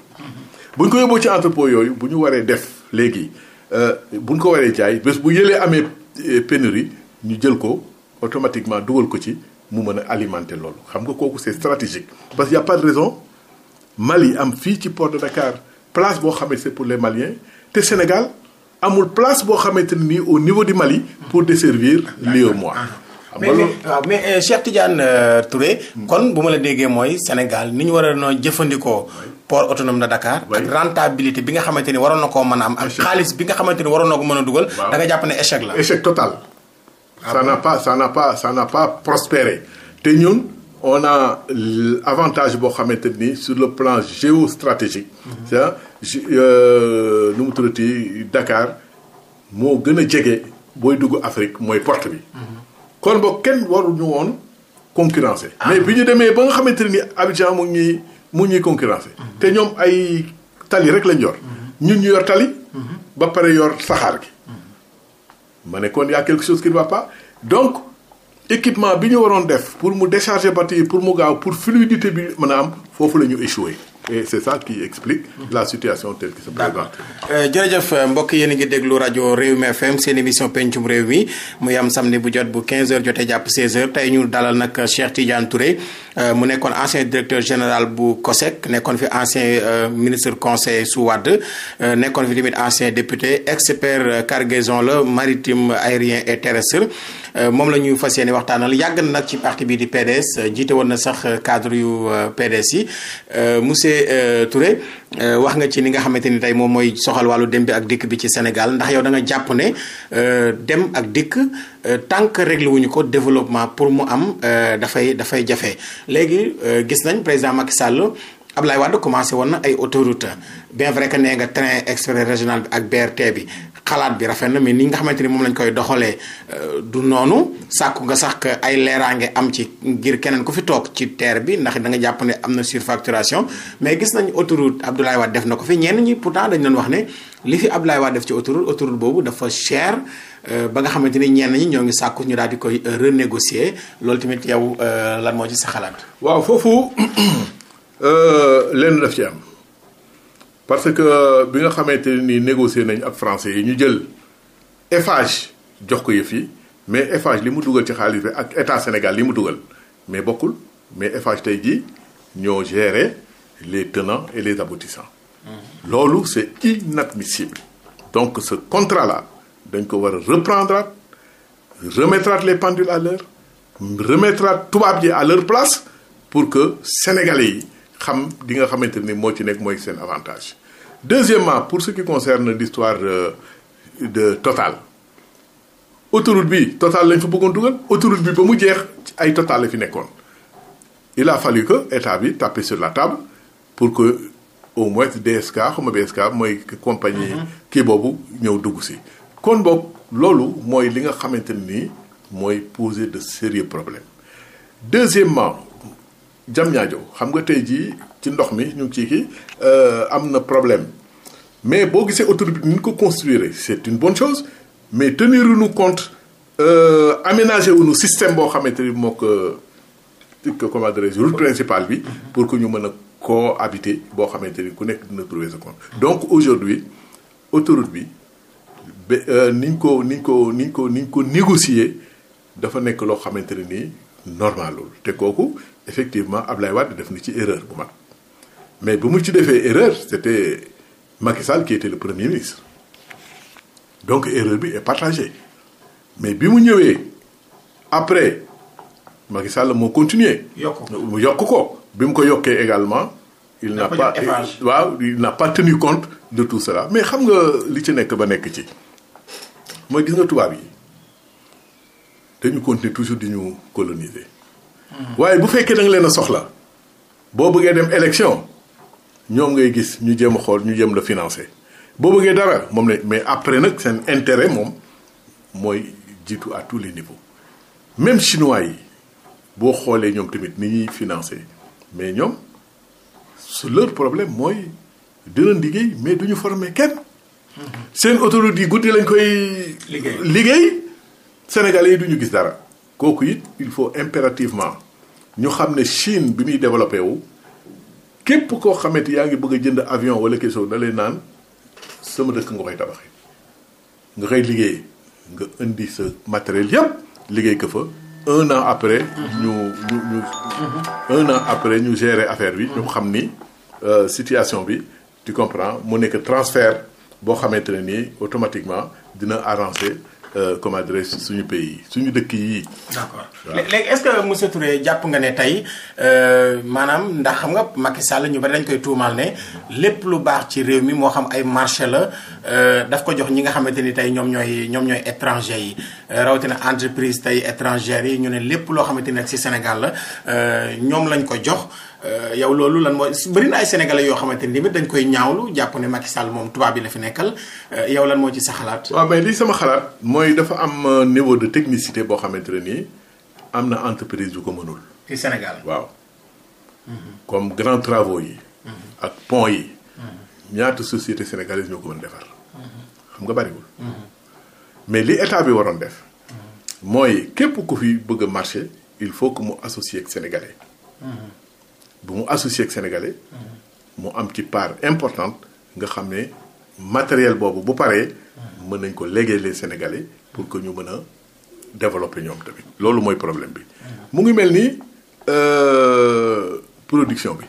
bu ñu ko yóbboo ci entrepôt yooyu bu ñu waree def léegi euh, bu ñu ko waree jaay bés bu yëlee amee euh, pénurie ñu jël ko automatiquement dugal ko ci mu mën a alimenter loolu xam nga kooku c'est stratégique parce que y a pas de raison Mali am fii ci port de Dakar place boo xamante c'est pour les Maliens te Sénégal amul place boo xamante ne nii au niveau du Mali pour desservir les moi mais waaw mais euh, Cheikh Tidiane euh, Touré. Hmm. kon bu ma la déggee mooy Sénégal ni ñu war a noo jëfandikoo. port autonome de Dakar. ak rentabilité bi nga xamante ni waroon na koo mën a am. ak xaalis bi nga xamante ni waroon na ko mën a dugal. da nga jàpp ne échec la. échec total. Ah ça n'a pas ça n'a pas ça n'a prospéré te ñun on a avantage boo xamante ni sur le plan géostratégique. Hmm. c'est euh, nu mu tuddati Dakar moo gën a jege booy dugg Afrique mooy porte bi. Hmm. kon boog kenn waruñu woon concurrencer. Ah. mais bi ñu demee ba nga xamante ni Abidjan mu ñuy mu ñuy concurrencer. Mm-hmm. te ñoom ay tali rek lañ yor. Mm-hmm. ñun ñu yor tali. Mm-hmm. ba pare yor saxaar gi. ma ne kon y a quelque chose qui ne va donc équipement bi ñu waroon def pour mu décharger bateau pour mu gaaw pour fluidité bi mën a am foofu la ñu échoué. et c'est ça qui explique la situation telle qui se présente. Euh, jërëjëf euh, mbokk yéen a ngi déglu rajo mi FM seen émission pencum réew mi muy am samedi bu jot bu 15h jotee jàpp 16h tey ñu dalal nag Cheikh Tidiane Touré. Euh, mu nekkoon ancien directeur général bu COSEC nekkoon fi ancien euh, ministre conseil su Wade euh, nekkoon fi tamit ancien député expert cargaison la maritime aérien et terrestre moom la ñuy fas yéene waxtaanal yàgg na nag ci parti bi di PDS jiite woon na sax cadre yu PDS yi monsieur Touré. Euh, wax nga ci li nga xamante ni tey moom mooy soxal wàllu dem bi ak dikk bi ci Sénégal ndax yow da jàpp ne euh, dem ak dikk euh, tant que réglé wuñu ko développement pour mu am dafay dafay jafe léegi gis nañ président Macky Sall Abdoulaye Wade commencé woon na ay autoroute bien vrai que nee nga train express régional bi ak BRT bi xalaat bi rafet na mais ni nga xamante ni moom lañ koy doxalee euh, du noonu sàkku nga sax ay leeraange am ci ngir keneen ku fi toog ci terre bi ndax da nga jàpp ne am na surfacturation mais gis nañ autoroute Abdoulaye Wade def na ko fi ñenn ñi pourtant dañ doon wax ne li fi Abdoulaye Wade def ci autoroute autoroute boobu dafa cher euh, ba nga xamante ni ñenn ñi ñoo ngi sàkku ñu daal di koy euh, renégocier loolu tamit yow lan moo ci sa xalaat. waaw foofu lenn daf parce que bi nga xamante nii négocier nañ ak français yi ñu jël Eiffage jox ko yëf yi mais Eiffage li mu dugal ci xaalis bi ak état Sénégal li mu dugal mais bokkul mais Eiffage tey jii ñoo gérer les tenants et les aboutissants. Mmh. loolu c'est inadmissible. donc ce contrat la dañ ko war a reprendre remettre les pendules à l'heure remettre tubaab ji à leur place pour que sénégalais yi. xam di nga xamante ni moo ci nekk mooy seen avantage deuxièmement pour ce qui concerne l'histoire de Total autoroute bi Total lañ fa bëggoon dugal autoroute bi ba mu jeex ay Total la fi nekkoon il a fallu que état bi taper sur la table pour que au moins DSK xuma BSK mooy compagnie mhm. kii boobu ñëw dugg si kon boog loolu mooy li nga xamante ni mooy poser de sérieux problèmes deuxièmement jam ñaajo xam nga tey jii ci ndox mi ñu ngi ciy kii euh, am na problème mais boo gisee autoroute bi ni ñu ko construire c'est une bonne chose mais tenir nu compte euh, aménager wu nu système boo xamante ni moo ko comment dirais-je route bi pour que ñu mën a cohabiter boo xamante ni ku nekk dina trouver sa compte donc aujourd'hui autorite bi ba euh, niñ ko niñ ko niñ ko niñ ko négocier dafa nekk loo xamante ne nii normalul te kooku effectivement Ablaye Wade def na ci erreur bu mag mais bu mu ci defee erreur c'était Macky Sall qui était le premier ministre donc erreur bi et partagée mais bi mu ñëwee après Macky Sall moo continuer mu yokk ko bi mu ko yokkee également il n'a pas waaw il n'a pas tenu compte de tout cela mais xam nga li ci nekk ba nekk ci mooy gis nga tubaab yi te ñu continuer toujours di ñu coloniser waaye bu fekkee da leen a soxla boo bëggee dem élection ñoom ngay gis ñu jéem a xool ñu jéem la financé boo bëggee dara moom la mais après nag seen intéret moom mooy jiitu à tous les niveaux même chinois yi boo xoolee ñoom tamit ni ñuy financé mais ñoom su leur problème mooy dinañ liggéey mais duñu former kenn mhm. seen autoroute yi guddi lañ koy liggéey sénégal yi duñu gis dara kooku it il faut impérativement ñu xam ne Chine bi muy développé wu képp koo xamante yaa ngi bëgg a jënd avion wala question da lay naan sama dëkk nga koy liggéey nga indi sa matériel yépp liggéey ko fa un an après ñu ñu ñu mhm. un an après ñu gérer affaire bi ñu mhm. xam ni euh, situation bi tu comprends mu nekk transfert boo xamante ne nii automatiquement dina arranger Euh, comment dirais suñu pays suñu dëkk yi. d'accord léegi est-ce que jàpp nga ne tey euh, maanaam ndax xam nga Macky Sall ñu bari dañ koy tuumaal ne lépp lu baax ci réew mi moo xam ay marché la euh, daf ko jox ñi nga xamante ni tey ñoom ñooy ñoom ñooy étranger yi rawatina entreprise tey étrangères yi ñu ne lépp loo xamante ni rek ci Sénégal la ñoom lañ ko jox. Euh, yow loolu lan mooy bëri na ay sénégalais yoo xamante ni dañ koy ñaawlu jàpp ne Macky Sall moom tubaab bi la fi nekkal euh, yow lan moo ci sa xalaat. waaw mais lii sama xalaat mooy dafa am euh, niveau de technicité boo xamante ne nii am na entreprise yu ko mënul. ci Sénégal waaw. Mm-hmm. comme grand travaux yi. Mm-hmm. ak pont yi. Mm-hmm. ñaata société sénégalaise ñoo ko mën defar. xam nga bariwul. mais li état bi waroon def. mooy képp ku fi bëgg a marché il faut que mu associé ak sénégalais. bu mu associé ak sénégalais. mu am ci part importante nga xam ne matériel boobu bu paree. mën nañ ko léegi les sénégalais pour que ñu mën a développer ñoom tamit loolu mooy problème bi. mu ngi mel ni euh, production bi.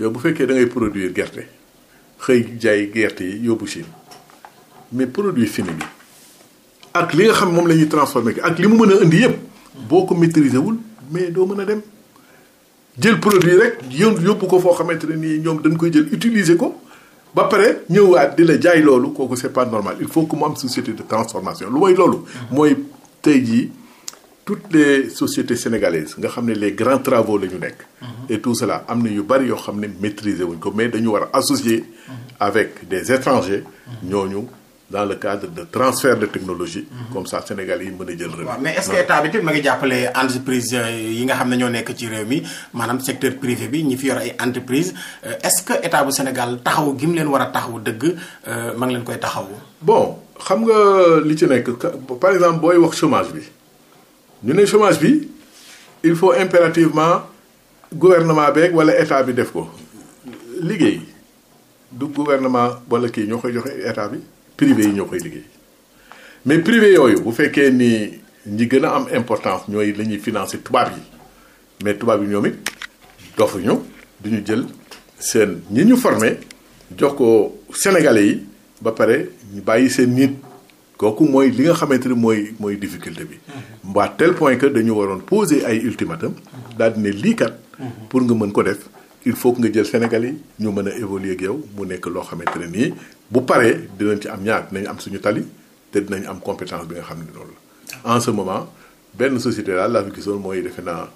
yow bu fekkee dangay ngay gerte xëy jaay gerte yi yóbbu Chine mais produit fini bi ak li nga xam moom la ñuy transformé ak li mu mën a indi yëpp boo ko maîtriser wul mais doo mën a dem. jël produit rek yow yóbbu ko foo xamante ne nii ñoom dañ koy jël utiliser ko ba pare ñëwaat di la jaay loolu kooku c'est pas normal il faut que mu am société de transformation lu mooy loolu. mooy tey jii toutes les sociétés sénégalaises nga xam ne les grands travaux la ñu nekk. et tout cela am na yu bari yoo xam ne maitriser wuñ ko mais dañu war a associer avec des étrangers ñooñu. dans le cadre de transfert de technologie. Mhm. comme ça Sénégal yi mën a jël relais. waaw mais est-ce que état bi tamit ma ngi jàppale entreprise euh, yi nga xam ne ñoo nekk ci réew mi maanaam secteur privé bi ñi fi yor ay entreprise euh, est-ce que état bu Sénégal taxaw gi mu leen war a taxaw dëgg euh, ma ngi leen koy taxaw bon xam nga li ci nekk par exemple booy wax chômage bi ñu ne chômage bi il faut impérativement gouvernement beeg wala état bi def ko liggéey du gouvernement wala kii ñoo koy joxe état bi. privé yi ñoo koy liggéey mais privé yooyu bu fekkee nii ñi gën a am importance ñooy la ñuy financer tubaab yi mais tubaab yi ñoom it dofuñu duñu jël seen ñi ñu formé jox ko sénégale yi ba pare ñu bàyyi seen nit kooku mooy li nga xamante ne mooy mooy difficulté bi. Mmh. à tel point que dañu waroon poser ay ultimatum. Mmh. daal di ne lii mmh. pour nga mën ko def il faut que nga jël sénégalais yi ñu mën a évoluer ak mu nekk loo xamante nii bu paree dinañ ci am ñaar dinañ am suñu tali te dinañ am compétence bi nga xam ne loolu la en ce moment benn société daal laa fi gisoon mooy defe naa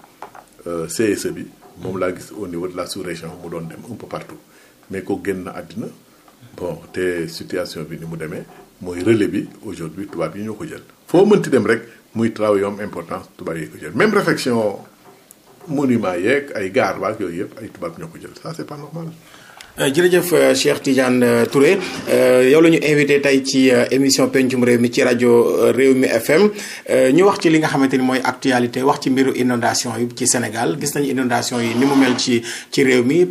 euh, CSE bi moom laa gis au niveau de la sous-région mu doon dem un peu partout mais ko génn àddina bon te situation bi ni mu demee mooy relais bi aujourd'hui tubaab yi ñoo ko jël foo mënti dem rek muy travail yom importance tubaab yi ko jël même réflexion monument yeeg ay gaar baak yooyu yëpp ay tubaab ñoo ko jël ça c'est pas Euh, jërëjëf euh, Cheikh Tidiane euh, Touré yow lañu invité tey ci émission pencum réew mi ci rajo réew mi FM ñu wax ci li nga xamante ni mooy actualité wax ci mbiru inondation yi ci Sénégal gis nañu inondation yi ni mu mel ci ci réew mi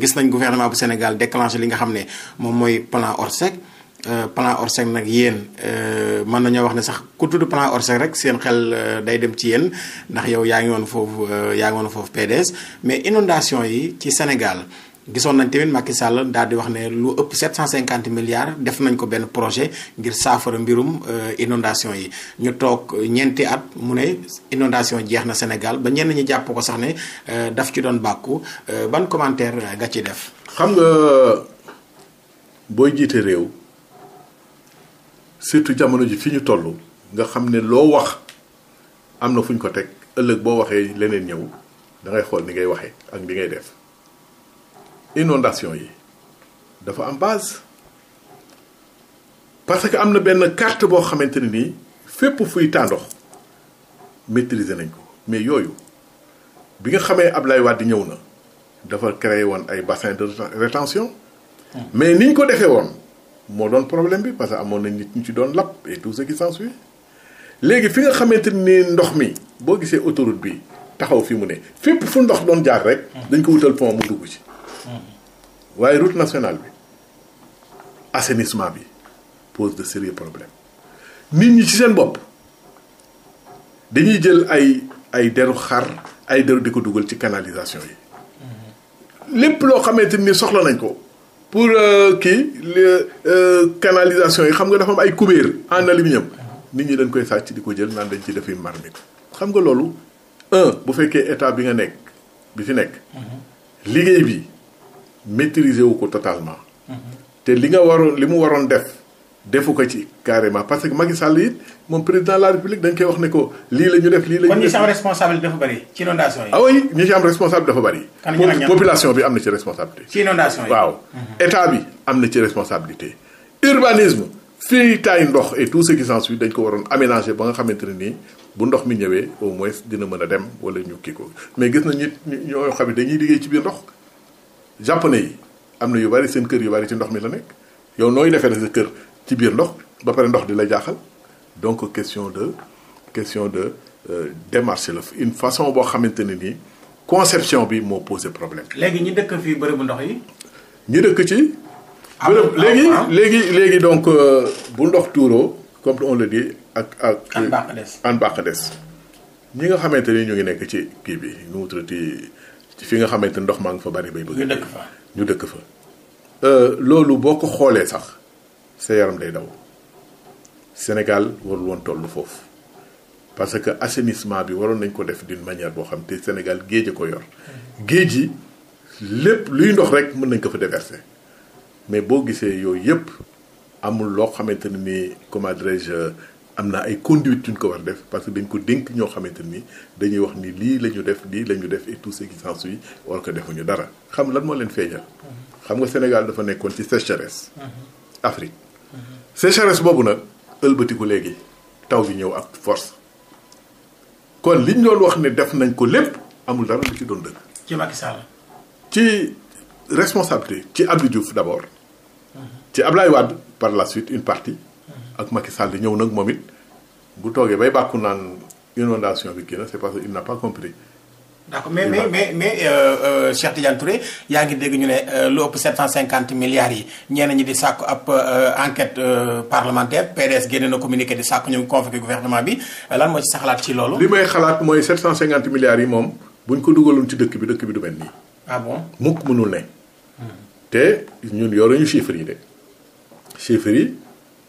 gis nañ gouvernement bu Sénégal déclenché li nga xam ne moom mooy plan Orsec plan Orsec nag yéen mën nañoo wax ne sax ku tudd plan Orsec rek seen xel day dem ci yéen ndax yow yaa ngi woon foofu yaa ngi woon foofu PDS mais inondation yi ci Sénégal. gisoon nañ tamit Macky Sall daal di wax ne lu ëpp 750 milliards def nañ ko benn projet ngir saafara mbirum euh, inondation yi ñu toog ñeenti at mu ne inondation jeex na senegal ba ñenn ñi jàpp ko sax ne euh, daf ci doon bàkku euh, ban commentaire nga ci def. xam nga booy jiite réew surtout jamono ji fi ñu toll nga xam ne loo wax am na fu ñu ko teg ëllëg boo waxee leneen ñëw da xool ni ngay waxee ak ni ngay def. inondation yi dafa am base parce que am na benn carte boo xamante ne nii fépp fuy tàndox maîtriser nañ ko mais yooyu bi nga xamee ab Ablaye Wade ñëw na dafa créé woon ay bassin de rétention hmm. mais ni ñu ko defee woon moo doon problème bi parce que amoon nañ nit ñu ci doon lap et tout ce qui léegi fi nga xamante ni ndox mi boo gisee autoroute bi taxaw fi mu ne fépp fu ndox doon jaar rek. Hmm. dañ ko wutal pont mu dugg ci. waaye route nationale bi assainissement bi pose de sérieux problème nit ñi ci seen bopp dañuy jël ay ay deru xar ay deru di ko dugal ci canalisation yi mm-hmm. lépp loo xamante ni soxla nañ ko pour euh, kii euh, canalisation yi xam nga dafa am ay kubéer en aluminium mm-hmm. nit ñi dañ koy sàcc di ko jël naan dañ ci def yi marmite xam nga loolu bu fekkee état bi nga nekk bi fi nekk mm-hmm. liggéey bi maîtriser wu ko totalement. te li nga waroon li mu waroon def. defu ko ci carrément parce que Macky Sall it moom président de la république dañ koy wax ne ko lii la ñu def lii la ñu. kon ñi si am responsable dafa bëri ci inondation yi. ah oui ñi am responsable dafa bëri. population bi am na ci responsabilité. ci inondation yi waaw. Mhm. état bi am na ci responsabilité. urbanisme fii taay ndox et tout ce qui s'ensuit dañ ko waroon aménager ba nga xamante ne nii bu ndox mi ñëwee au moins dina mën a dem wala ñu kii ko mais gis nañ nit ñoo xam ne dañuy liggéey ci biir ndox. japonais yi am na yu bari seen kër yu bari ci ndox mi la nekk yow nooy defee ne sa kër ci biir ndox ba pare ndox di la jaaxal donc question de question de euh, démarche la une façon boo xamante ne nii conception bi moo posé problème. léegi ñi dëkk fii bërëbu ndox yi. ñi dëkk ci. Ah, bërëb ah, léegi ah. léegi léegi donc euh, bu ndox tuuroo comme on le di ak ak. an bàq ñi nga xamante ni ñu ngi nekk ci kii bi nu mu tuddati ci fi nga xamante ndox maa ngi fa bari bay bëgg ñu dëkk fa ñu dëkk fa euh, loolu boo ko xoolee sax sa yaram day daw Sénégal warul woon toll foofu parce que assainissement bi waroon nañ ko def d'une manière boo xam te Sénégal géej a ko yor mm-hmm. géej yi lépp luy ndox rek mën nañ ko fa déverser mais boo gisee yooyu yëpp amul loo xamante ne ni comment dirais-je am na ay conduite yuñ ko war def parce que dañ ko dénk ñoo xamante ni dañuy wax ni lii la ñu def lii la ñu def et tout ce qui s'ensuit war ko defuñu dara xam lan moo leen feeñal. xam nga Sénégal dafa nekkoon ci sécheresse. Afrique sécheresse boobu nag ëlbatiku léegi taw bi ñëw ak force kon liñ loolu wax ne def nañ ko lépp amul dara lu ci doon dëgg. ci Macky Sall. ci responsabilité ci Abdou Diouf d'abord. ci Ablaye Wade par la suite une partie. ak Macky Sall di ñëw nag moom it bu toogee bay bàkku naan inondation bi génn c'est parce que il n'a pas compris. d'accord mais mais mais mais euh, euh, Cheikh Tidiane Touré yaa ngi dégg ñu ne euh, lu ëpp 750 milliards yi ñenn ñi di sàkku ab enquête parlementaire PDS génne na communiqué di sàkku ñu convoqué gouvernement bi lan moo ci sa xalaat ci loolu. li may xalaat mooy 750 milliards yi moom buñ ko dugaloon ci dëkk bi dëkk bi du mel nii. ah bon mukk mënul ne. Hmm. te ñun yoruñu chiffres yi de chiffres yi.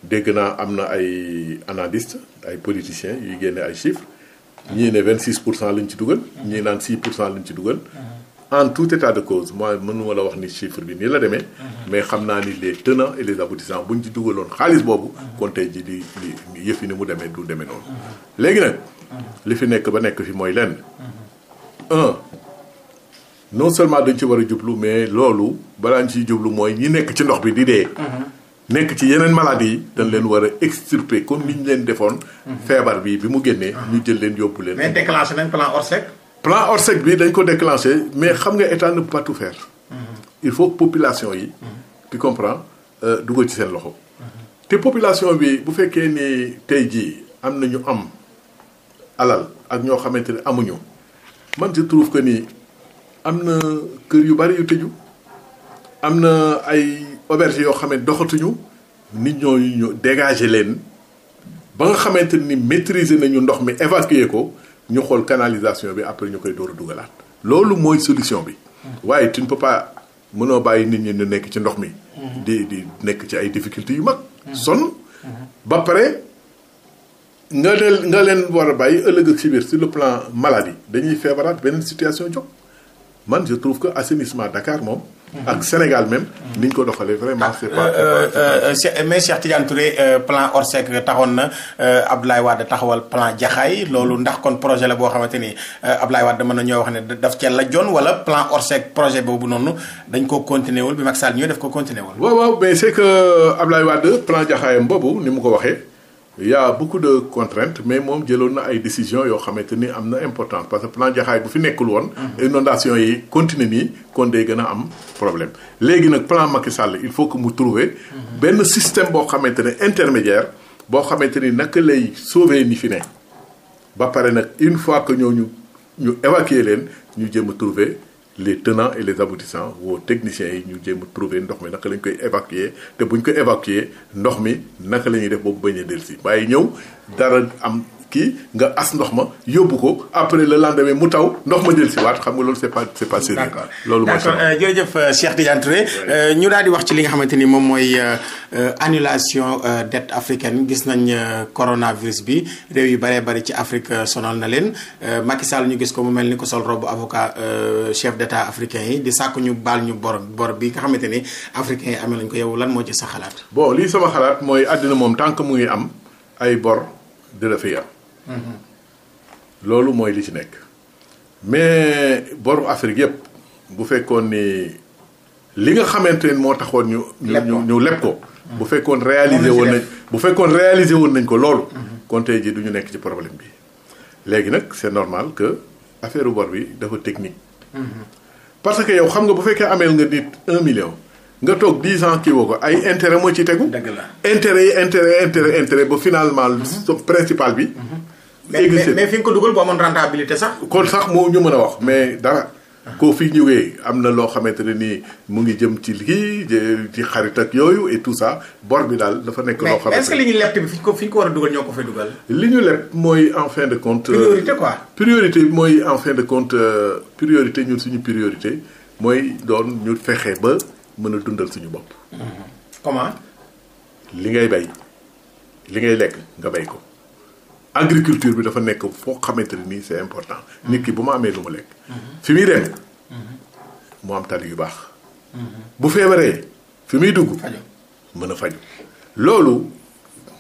dégg naa am na ay analystes ay politiciens yuy génne ay chiffres ñii ne 26 pour cent lañu ci dugal. ñii naan 6 pour cent lañ ci dugal. Mm-hmm. en tout état de cause mooy mënuma la wax ni chiffre bi nii la demee. Mm-hmm. mais xam naa ni les tenants et les aboutissants ñu ci dugaloon xaalis boobu. Mm-hmm. kon tey jii di di yëf yi ni mu demee du demee noonu. léegi nag. li fi nekk ba nekk fi mooy lenn. non seulement dañ ci war a jublu mais loolu balaa ñu ciy jublu mooy ñi nekk ci ndox bi di dee. nekk ci yeneen maladie yi dañ leen war a extirper comme ni ñu leen defoon. feebar bi bi mu génnee. Ah. ñu jël leen yóbbu leen. mais déclenché nañ plan Orsec. plan Orsec bi dañ ko déclenché mais xam nga état ne peut pas mm-hmm. il faut population yi. Mm-hmm. tu comprends euh, dugal ci seen loxo. Mm-hmm. te population bi bu fekkee ni tey jii am na ñu am alal ak ñoo xamante ne amuñu man je trouve que nii am na kër yu bari yu tëju am na ay. auberge yoo xam ne doxatuñu nit ñooñu ñu dégager leen ba nga xamante ni maîtriser nañu ndox mi évacuer ko ñu xool canalisation bi après ñu koy door a dugalaat. loolu mooy solution bi. waaye tu ne peux pas mënoo bàyyi nit ñi ñu nekk ci ndox mi. di di nekk ci ay difficultés yu mag. sonn ba pare nga leen nga leen war a bàyyi ëllëg ak si biir sur le plan maladie dañuy feebaraat beneen situation jóg man je trouve que assainissement Dakar moom. ak Sénégal même. ni ñu ko doxalee vraiment c'est pas. Euh, euh, euh, mais Cheikh Tidiane Touré plan Orsec taxoon na Abdoulaye waad taxawal plan Jaxaay loolu ndax kon projet la boo xamante ni Abdoulaye Wade mën na ñoo wax ne daf cee la joon wala plan Orsec projet boobu noonu dañ ko continué wul bi Macky Sall ñëw def ko continué wul. waaw waaw mais c'est que Abdoulaye Wade plan Jaxaayam boobu ni mu ko waxee. y a de contraintes mais moom jëloon na ay décisions yoo xamante ni am na important parce que plan Jaxaay bu fi nekkul woon. Mhm. inondation yi continuer nii kon day gën a am problème. léegi nag plan Macky Sall il faut que mu trouver mhm. benn système boo xamante ne intermédiaire boo xamante ni naka lay sauver ni fi ne ba pare nag une fois que ñooñu ñu ñu évacuer leen ñu jëm trouver. les tenants et les aboutissants woo technicien yi ñu jéem a trouver ndox mi naka lañ koy évacuer te bu ñu ko évacuer ndox mi naka la ñuy def boobu bañ a dellusi bàyyi ñëw dara am kii nga as ndox ma yóbbu ko après le lendemain mu taw ndox ma jël si waat xam nga loolu c'est pas c'est pas sérieux. d'accord loolu euh, euh, euh, ñu daal di wax ci li nga xamante ni moom mooy annulation dette africain gis nañ coronavirus bi réew yu bëree bëri ci Afrique sonal na leen Macky Sall ñu gis ko mu mel ni ko sol robu avocat chef d'état africain yi di sàkk ñu baal ñu bor bor bi nga xamante ni africain yi amee nañ ko yow lan moo ci sa xalaat. bon lii sama xalaat mooy àddina moom tant que mu am ay bor dina fi am. Mm-hmm. loolu mooy li ci nekk mais boru Afrique yëpp bu fekkoon ni li nga xamante ne moo taxoon ñu. ñu ñu leb ko. Mm-hmm. bu fekkoon réaliser woon nañ bu fekkoon réaliser woon nañ ko loolu. Mm-hmm. kon tey jii du ñu nekk ci problème bi. léegi nag c'est normal que affaire bor bi dafa technique. parce que yow xam nga bu fekkee ameel nga nit un million. nga toog dix ans kii woo ko ay intérêt moo ci tegu. dëgg la intérêt yi intérêt intérêt intérêt ba finalement. principal bi. mais mais fi nga ko dugal boo amoon rentabilité sax. kon sax moo ñu mën a wax mais dara. koo fi ñëwee am na loo xamante ne nii mu ngi jëm ci lii ci xarit yooyu et tout sax bor bi daal dafa nekk. loo xam mais est-ce bi fi ñu ko fi ñu ko war a dugal ñoo ko fay dugal. li ñu leb mooy en fin de compte. Euh, priorité quoi. priorité bi mooy en fin de compte euh, priorité ñun suñu priorité mooy doon ñu fexee ba mën a dundal suñu bopp. li ngay bay li ngay lekk nga bay ko. agriculture bi dafa nekk foo xamante ne nii c'est important. nit ki bu ma amee lu mu lekk. fi muy dem. mu am tali yu baax. bu feebaree fi muy dugg. mën a faj loolu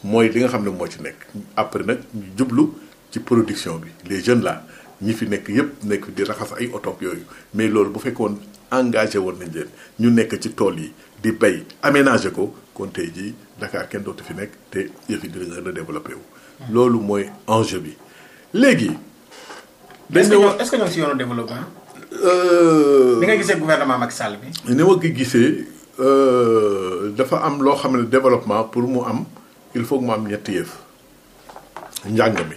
mooy li nga xam ne moo ci nekk après nag ñu jublu ci production bi les jeunes la ñi fi nekk yëpp nekk di raxas ay otoog yooyu mais loolu bu fekkoon engagé woon nañ leen ñu nekk ci tool yi di bay aménager ko kon tey jii Dakar kenn dootu fi nekk te yëf yi dina gën a développé wu. loolu mooy enjeu bi léegi. dañ ne wax développement. Euh, ni nga gisee gouvernement ak Sall bi. ni ma ko gisee euh, dafa am loo xam ne développement pour mu am il faut mu am ñetti yëf njàng mi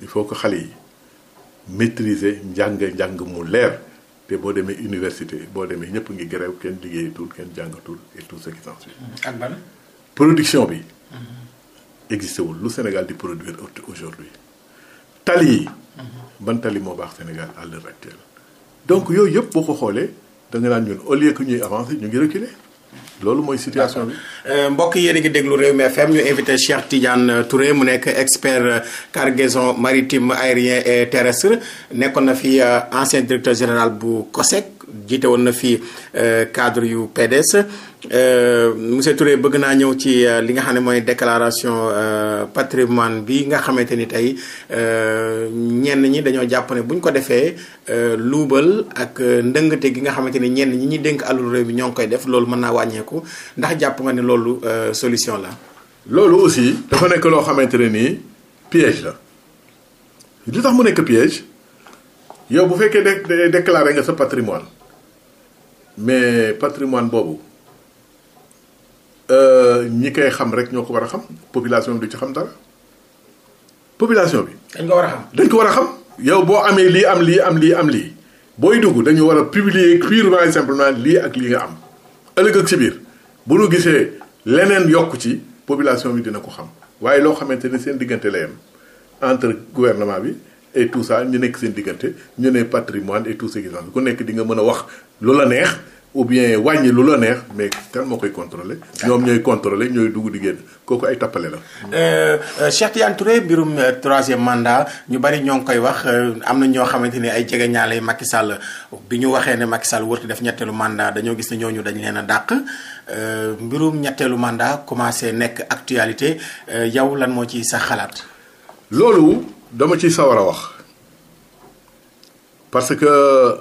il faut que xale yi maîtriser njàng njàng mu leer te boo demee université boo demee ñëpp ngi grève kenn liggéeyatul kenn jàngatul et tout ce qui s'ensuit. production bi. Mm-hmm. existé wul lu Sénégal di produire aujourd'hui tali yi. Mhm. ban tali moo baax Sénégal à l'heure donc yooyu yëpp boo ko xoolee da nga naan ñun au lieu que ñuy avancer ñu ngi reculer. loolu mooy situation bi. Euh, mbokk yéen a ngi déglu Rewmi FM ñu invité Cheikh Tidiane Touré mu nekk expert euh, cargaison maritime aérien et terrestre nekkoon na fi euh, ancien directeur général bu COSEC. jiite woon na fi euh, cadre yu PDS euh, monsieur Touré bëgg naa ñëw ci euh, li nga xam ne mooy déclaration patrimoine bi nga xamante ni tey ñenn ñi dañoo jàpp ne bu ñu ko defee luubal ak ndëngate gi nga xamante ni ñenn ñi ñuy dénk alalu réew mi ñoo ngi koy def loolu mën naa wàññeeku ndax jàpp nga ne loolu solution la. loolu aussi dafa nekk loo xamante ne nii piège la li tax mu nekk piège yow bu fekkee déclaré nga sa patrimoine mais patrimoine boobu euh, ñi koy xam rek ñoo ko war a xam population bi du ci xam dara population bi. dañ ko war a xam dañ ko war a xam. yow boo amee lii am lii am lii am lii booy dugg dañu war a publier purement et simplement lii ak lii nga am ëllëg ak si biir bu nu gisee leneen yokk ci population bi dina ko xam waaye loo xamante ni seen diggante la yem entre gouvernement bi et tout ça ñu nekk seen diggante ñu ne patrimoine et tout ce qui ku nekk di nga mën a wax lu la neex ou bien wàññi lu la neex mais kan moo koy contrôler ñoom ñooy contrôler ñooy dugg di génn kooku ay tappale la. Euh, euh, Cheikh Tidiane mbirum euh, troisième mandat ñu bari ñoo ngi koy wax am na ñoo xamante ni ay jege ñaale Macky Sall bi ñu waxee ne Macky Sall warut def ñetteelu mandat dañoo gis ne ñooñu dañ leen a dàq mbirum ñetteelu mandat commencé nekk actualité yow lan moo ci sa xalaat. loolu dama ci sawar a wax parce que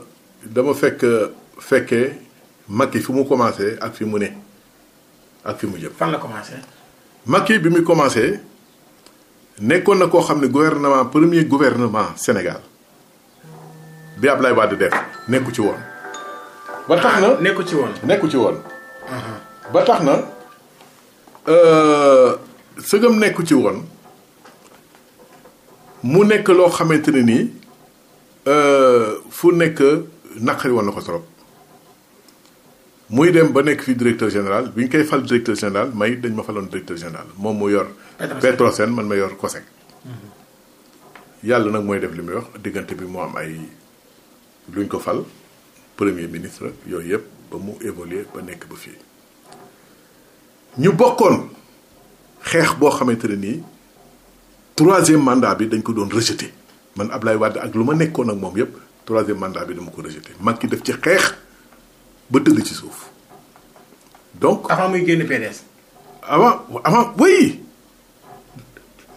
dama fekk. fekkee Macky fi mu commencé ak fi mu ne ak fi mu jëm. fan commencé. Macky bi muy commencé nekkoon na koo xam ne gouvernement premier gouvernement Sénégal bi Abdoulaye Wade def nekku ci woon. ba tax na nekku ci woon nekku ci woon. Uh-huh. ba tax na euh, sëgam nekku ci woon mu nekk loo xamante ne nii euh, fu nekk naqari woon na ko trop. muy dem ba nekk fii directeur général bi ñu koy fal directeur général may dañ ma faloon directeur général moom mu yor. Petrosen man ma yor COSEC. yàlla nag mooy def li muy wax diggante bi moo am ay luñ ko fal premier ministre yooyu yëpp ba mu évoluer ba nekk ba fii ñu bokkoon xeex boo xamante ne nii troisième mandat bi dañ ko doon rejeté man Ablaye Wade ak lu ma nekkoon ak moom yëpp troisième mandat bi dama ko mag ki def ci xeex. ba tëdd ci suuf donc. avant muy génn PDS. avant avant oui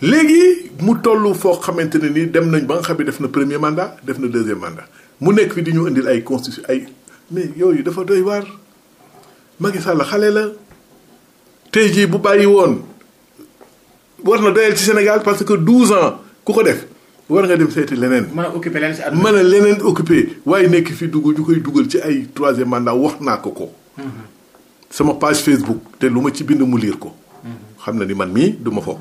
léegi mu toll foo xamante ne ni dem nañ ba nga xam ne def na premier mandat def na deuxième mandat mu nekk fi di ñu indil ay constitution ay mais yooyu dafa doy waar Macky Sall xale la tey jii bu bàyyi woon war na doyal ci Sénégal parce que 12 ans ku ko def. war nga dem seeti leneen. mën a occupé leneen si àdduna mën a occupé waaye nekk fi dugg ñu koy duggal ci ay troisième mandat wax naa ko ko. Mm-hmm. sama page Facebook te lu ma ci bind mu liir ko. Mm-hmm. xam na ni man mii duma ma foog.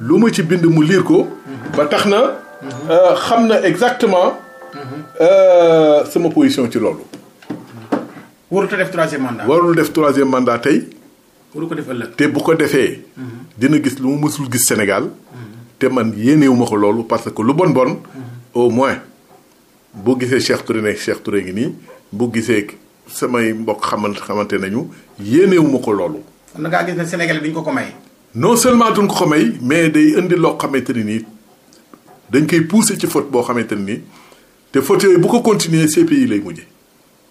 lu ma ci bind mu liir ko. Mm-hmm. ba tax na. Euh, xam na exactement. Euh, sama position ci loolu. warul def troisième mandat. warul def troisième mandat tey. warul ko def ëllëg. te bu ko defee. dina gis lu mu mësul gis Sénégal. te man yéenewuma ko loolu parce que lu bon bon au moins boo gisee Cheikh Touré nekk Cheikh ngi nii boo gisee samay mbokk xamante xamante nañu yéenewuma ko loolu. kon da ngaa gis ne Sénégal duñ ko ko may. non seulement duñ ko ko may mais day indi loo xamante ni nii dañ koy pousser ci faute boo xamante ne nii te faute bu ko continuer CPI lay mujje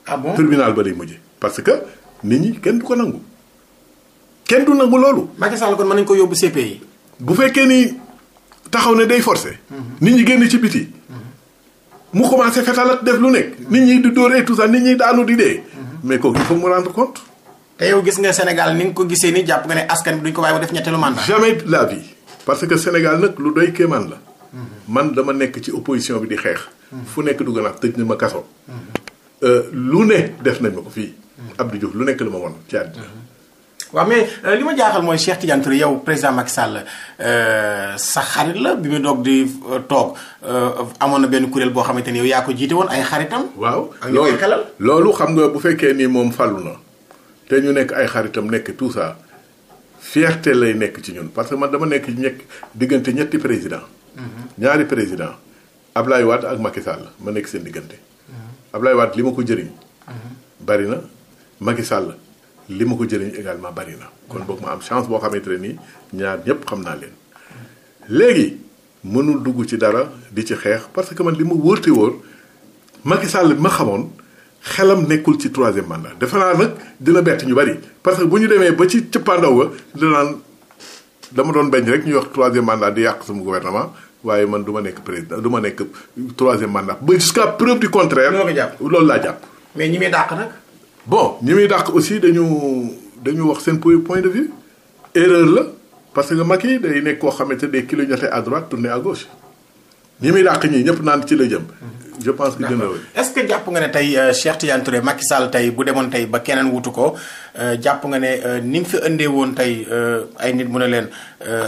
ah bon tribunal ba lay mujje parce que nit ñi kenn du ko nangu kenn du nangu loolu. Macky Sall kon ko yóbbu CPI. taxaw ne day forcé nit ñi génn ci biti mu commencé fetalat def lu nekk nit ñi di dóoree tout ça nit ñi daanu di dee mais kooku il faut mu rendre compte te yow gis nga Sénégal ni nga ko gisee ni jàpp nga ne askan bi duñ ko bàyyi bu def ñetteelu mandat jamais de la vie parce que Sénégal nag lu doy kéemaan la man dama nekk ci opposition bi di xeex fu nekk dugg naa tëj na ma kaso euh, lu ne def nañ ma ko fii Abdou Diouf lu nekk la ma won ci àddina waaw mais euh, li ma jaaxal mooy Cheikh Tidiane Touré yow président Macky Sall euh, sa xarit la bi mu doog di euh, toog amoon na benn kuréel boo xamante ni yow yaa ko jiite woon ay xaritam. waaw loolu loolu xam nga bu fekkee nii moom falu na te ñu nekk ay xaritam nekk tout ça te lay nekk ci ñun parce que man dama nekk ñekk diggante ñetti président mm-hmm. ñaari président Ablaye Wade ak Macky ma nekk seen diggante. Mm-hmm. Ablaye waat li ma ko jëriñ. Mm-hmm. bari na Macky Sall. li ma ko jëriñ également bari na kon boog ma am chance boo xamante ne nii ñaar ñëpp xam naa leen léegi mënul dugg ci dara di ci xeex parce que man li ma wóorte woon Macky Sall bi ma xamoon xelam nekkul ci troisième mandat defe naa nag dina bett ñu bari parce que bu ñu demee ba ci cëppaandaw ga dinaan dama doon bañ rek ñuy wax troisième mandat di yàq sama gouvernement waaye man du ma nekk président du ma nekk troisième mandat ba jusqu'à preuve du contraire. loolu laa jàpp. mais bon ñi muy dàq aussi dañu dañu wax seen point de vue erreur la parce que Macky day nekk koo xamante ne day clignoter à droite tourner à gauche ñi muy dàq ñi ñëpp naan ci la jëm. je pense que jënd est-ce que jàpp nga ne tey euh, Cheikh Tidiane Touré tey bu demoon tey ba keneen wutu ko euh, jàpp nga ne euh, ni mu fi indee woon tey ay nit mu ne leen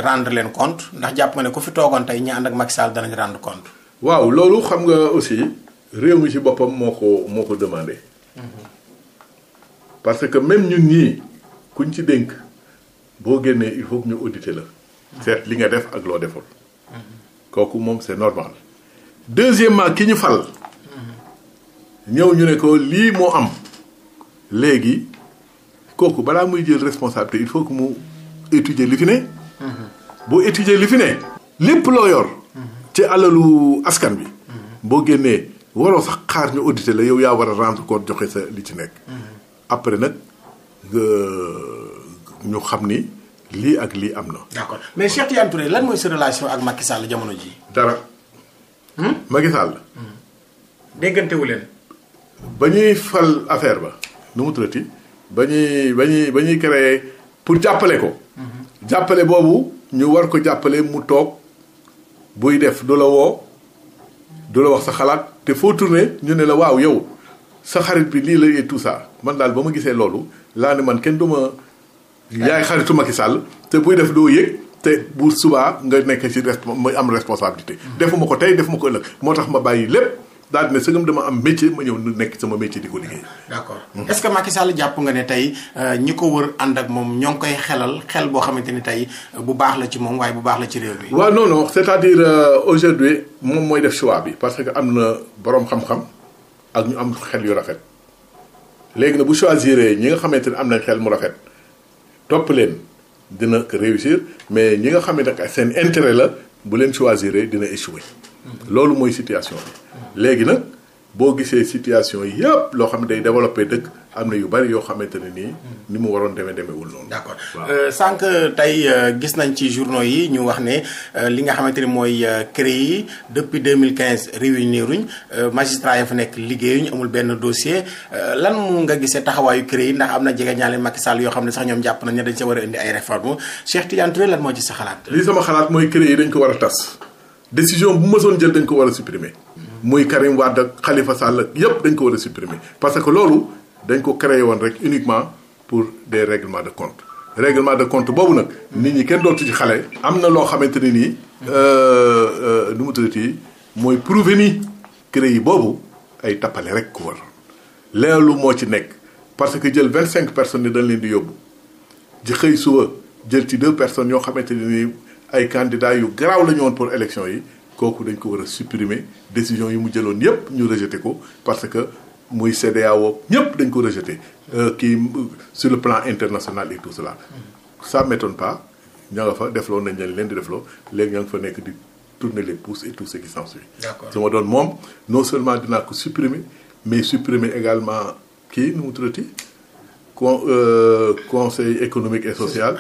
rendre leen compte ndax jàpp nga ne ku fi toogoon tey ñi ànd ak Macky Sall danañ rendre compte. waaw loolu xam nga aussi réew mi ci boppam moo ko moo ko demandé. Mhm. parce que même ñun ñii kuñ ci dénk boo génnee il faut ñu auditer la seet li nga def ak loo deful kooku moom c'est normal deuxièmement ki ñu fal ñëw ñu ne ko lii moo am léegi kooku balaa muy jël responsabilité il faut que mu étudier li fi ne mm-hmm. boo étudier li fi ne lépp loo yor ci alalu askan bi mm-hmm. boo génnee waroo sax xaar ñu auditer la yow yaa war a rendre compte joxe sa li ci nekk mm-hmm. après nag ñu xam ni lii ak lii am na. d'accord mais Cheikh Tidiane Touré lan mooy sa relation ak Macky Sall jamono ji dara. Hmm? Macky Sall. Hmm. ba ñuy fal affaire ba nu mu tuddati ba ñuy ba ñuy ba ñuy créer pour jàppale ko. Hmm. jàppale boobu ñu war ko jàppale mu toog buy def du la woo du la wax sa xalaat te foo tourné ñu ne la waaw yow. sa xarit bi lii la et tout ça man daal ba ma gisee loolu laa ne man kenn du ma yaay xaritu Macky Sall te buy def doo yëg te bu subaa nga nekk ci ma am responsabilité. defuma ko tey defuma ko ëllëg moo tax ma bàyyi lépp daal di ne sëgam dama am métier ma ñëw nekk sama métier di ko liggéey. d'accord est-ce que Macky Sall jàpp nga ne tey euh, ñi ko wër ànd ak moom ñoo ngi koy xelal xel boo xamante ni tey euh, bu baax la ci moom waaye bu baax la ci réew bi waa non non c'est-à-dire euh, aujourd'hui moom mooy def choix bi parce que am na borom xam ak ñu am xel yu rafet léegi na bu choisir ñi nga xamante ne am nañ xel mu rafet topp leen dina réussir mais ñi nga xamante ne seen intérêt la bu leen choisir dina échouer mm-hmm. loolu mooy situation léegi nag boo gisee situation yëpp loo xam ne day développé dëkk am na yu bari yoo xamante ne nii. Hmm. ni mu waroon demee demeewul noonu. d'accord euh, sànq tey euh, gis nañ ci journaux yi ñu wax ne euh, li nga xamante ni mooy CREI yi depuis 2015 réuniruñ magistrat ya fa nekk liggéeyuñ amul benn dossier lan mu nga gisee taxawaayu CREI yi ndax am na jegeñaale Macky Sall yoo xam ne sax ñoom jàpp nañ ne dañ sa a indi ay moo ci sa xalaat. lii sama xalaat mooy CREI yi dañ ko war a tas décision bu mësoon jël dañ ko war a supprimer. muy Karim Wade ak Khalifa Sall ak yépp dañ ko war a supprimer parce que loolu dañ ko créé woon rek uniquement pour des réglement de compte règlement de compte boobu nag nit ñi kenn dootu ci xale am na loo xamante ne nii euh, euh, nu mu tuddati mooy prouver ni yi boobu ay tappale rek ku war leelu moo ci nekk parce que jël vingt cinq personnes ni dañ leen di yóbbu ji xëy suba jël ci deux personnes yoo xamante ni nii ay candidats yu garaaw la ñu woon pour élection yi kooku dañ ko war a supprimer décision yi mu jëloon yépp ñu rejeté ko parce que muy CEDEAO ñépp dañ ko rejeté euh, kii sur le plan international et tout cela ça m'étonne pas ña nga fa defloo nañ leen leen di defloo léegi ña nga fa nekk di tourner les pouces et tout ce qui s'ensuit su ma doon moom non seulement dinaa ko supprimer mais supprimer également kii nu mu tuddati con euh, conseil économique et social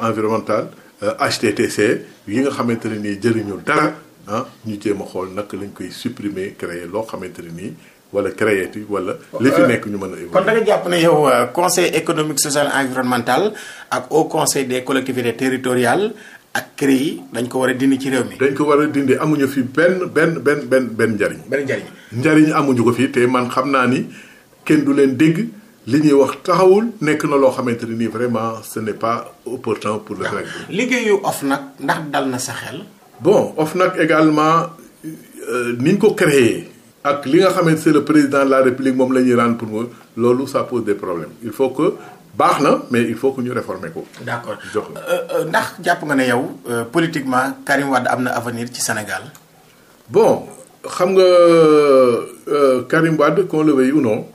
environnemental HTTC euh, yi nga xamante ne nii jëriñu dara ah ñu jéem a xool naka lañ koy supprimer créer loo xamante ne nii wala créer ti wala. li fi euh, nekk ñu mën a évoluer. kon da nga jàpp na yow euh, conseil économique social environnemental ak au conseil des collectivités territoriales ak yi dañ ko war a dind ci réew mi. dañ ko war a dindi amuñu fi benn benn benn benn benn njariñ. benn njariñ njariñ amuñu ko fi te man xam naa ni kenn du leen dégg. li ñuy wax taxawul nekk na loo xamante ne nii vraiment ce n'est pas opportun pour le Sénégal. liggéeyu OFNAC ndax dal na sa xel. bon nag également euh, ni ñu ko créé ak li nga xamante c'est le président de la république moom la ñuy rendre pour moi loolu sa pose des problème il faut que baax na mais il faut que ñu réformer ko. d'accord jox euh, euh, ndax jàpp nga ne yow politiquement Karim am na avenir ci Sénégal. bon xam nga Karim Wade qu'on le veuille ou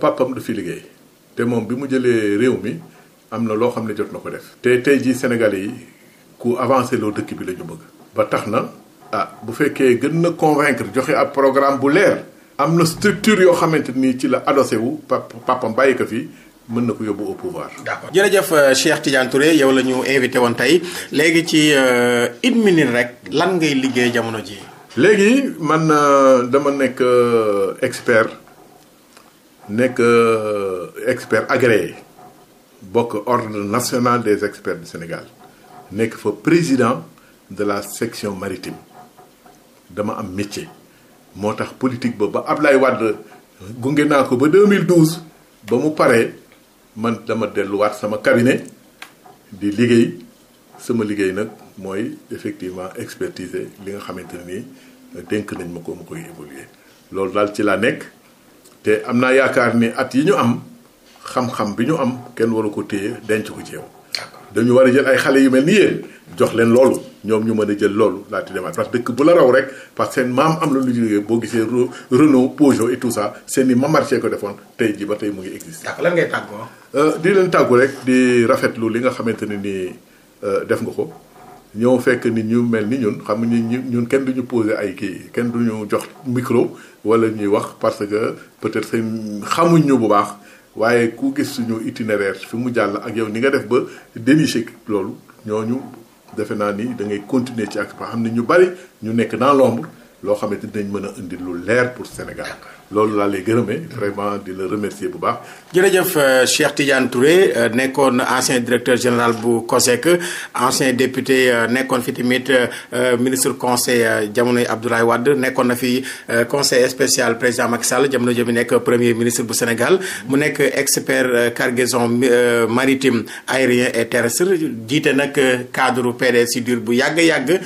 papam du fi liggéey te moom bi mu jëlee réew mi am na loo xam ne jot na ko def. te tey jii sénégal yi. ku avancé loo dëkk bi la ñu bëgg. ba tax na ah bu fekkee gën na convaincre joxe ab programme bu leer. am na structure yoo xamante ni ci la adossé wu papam bàyyi ko fi mën na ko yóbbu au pouvoir. d'accord jërëjëf euh, Cheikh Tidiane Touré yow la ñu invité woon tey léegi ci euh, une minute rek lan ngay liggéey jamono ji léegi man euh, dama nekk expert nekk expert agréé bokk ordre national des experts du Sénégal. nekk fa président de la section maritime dama am métier moo tax politique ba ba Ablaye Wade gunge naa ko ba 2012 ba mu paree man dama delluwaat sama cabinet di liggéey sama liggéey nag mooy effectivement expertiser li nga xamante ne nii dénk nañ ma ko ma koy évoluer loolu daal ci laa nekk te am naa yaakaar ni at yi ñu am xam-xam bi ñu am kenn waru ko téye denc ko ci dañu war a jël ay xale yu mel ni yéen jox leen loolu ñoom ñu mën a jël loolu laati demaat parce que dëkk bu la raw rek parce que seen maam am la lu jógee boo gisee Renault Peugeot et tout ça seen i mamarché ko defoon tey ji ba tey mu ngi existe lan ngay tàggoo euh, di leen tàggu rek di rafetlu li nga xamante ne nii euh, def nga ko ñëw fekk ni ñu mel ni ñun xamuñu nga ñun kenn duñu posé ay kii kenn duñu jox micro wala ñuy wax parce que peut-être seen xamuñu bu baax waaye ku gis suñu itinéraire fi mu jàll ak yow ni nga def ba dénicher loolu ñooñu defe naa ni da ngay continuer ci ak ba xam ne ñu bari ñu nekk naa l'ombre loo xamante dañ mën a indi lu leer pour Sénégal loolu laa lay gërëmee vraiment di la bu baax. jërëjëf euh, Cheikh Tidiane Touré euh, nekkoon ancien directeur général bu COSEC ancien député euh, nekkoon fi tamit ministre conseil jamonoy Abdoulaye wadd nekkoon na fi conseil spécial président Macky Sall jamono jëmi nekk premier ministre bu Sénégal mu nekk expert cargaison maritime aérien et terrestre jiite nag cadre PDS dur bu yàgg yàgg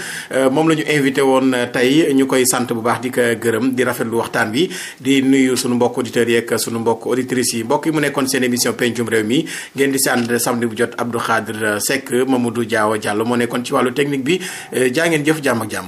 moom la ñu invité woon tey ñu koy sant bu baax di ko gërëm di rafetlu waxtaan bi di nuyu sunu mbokk auditeurs yeeg sunu mbokk auditrices yi mbokk yi mu nekkoon seen émission pencum réew mi ngeen di si ànd samedi bu jot Abdou Khadre du jaaw a Diallo moo nekkoon ci wàllu technique bi eh, jaa ngeen jëf jàmm ak jàmm.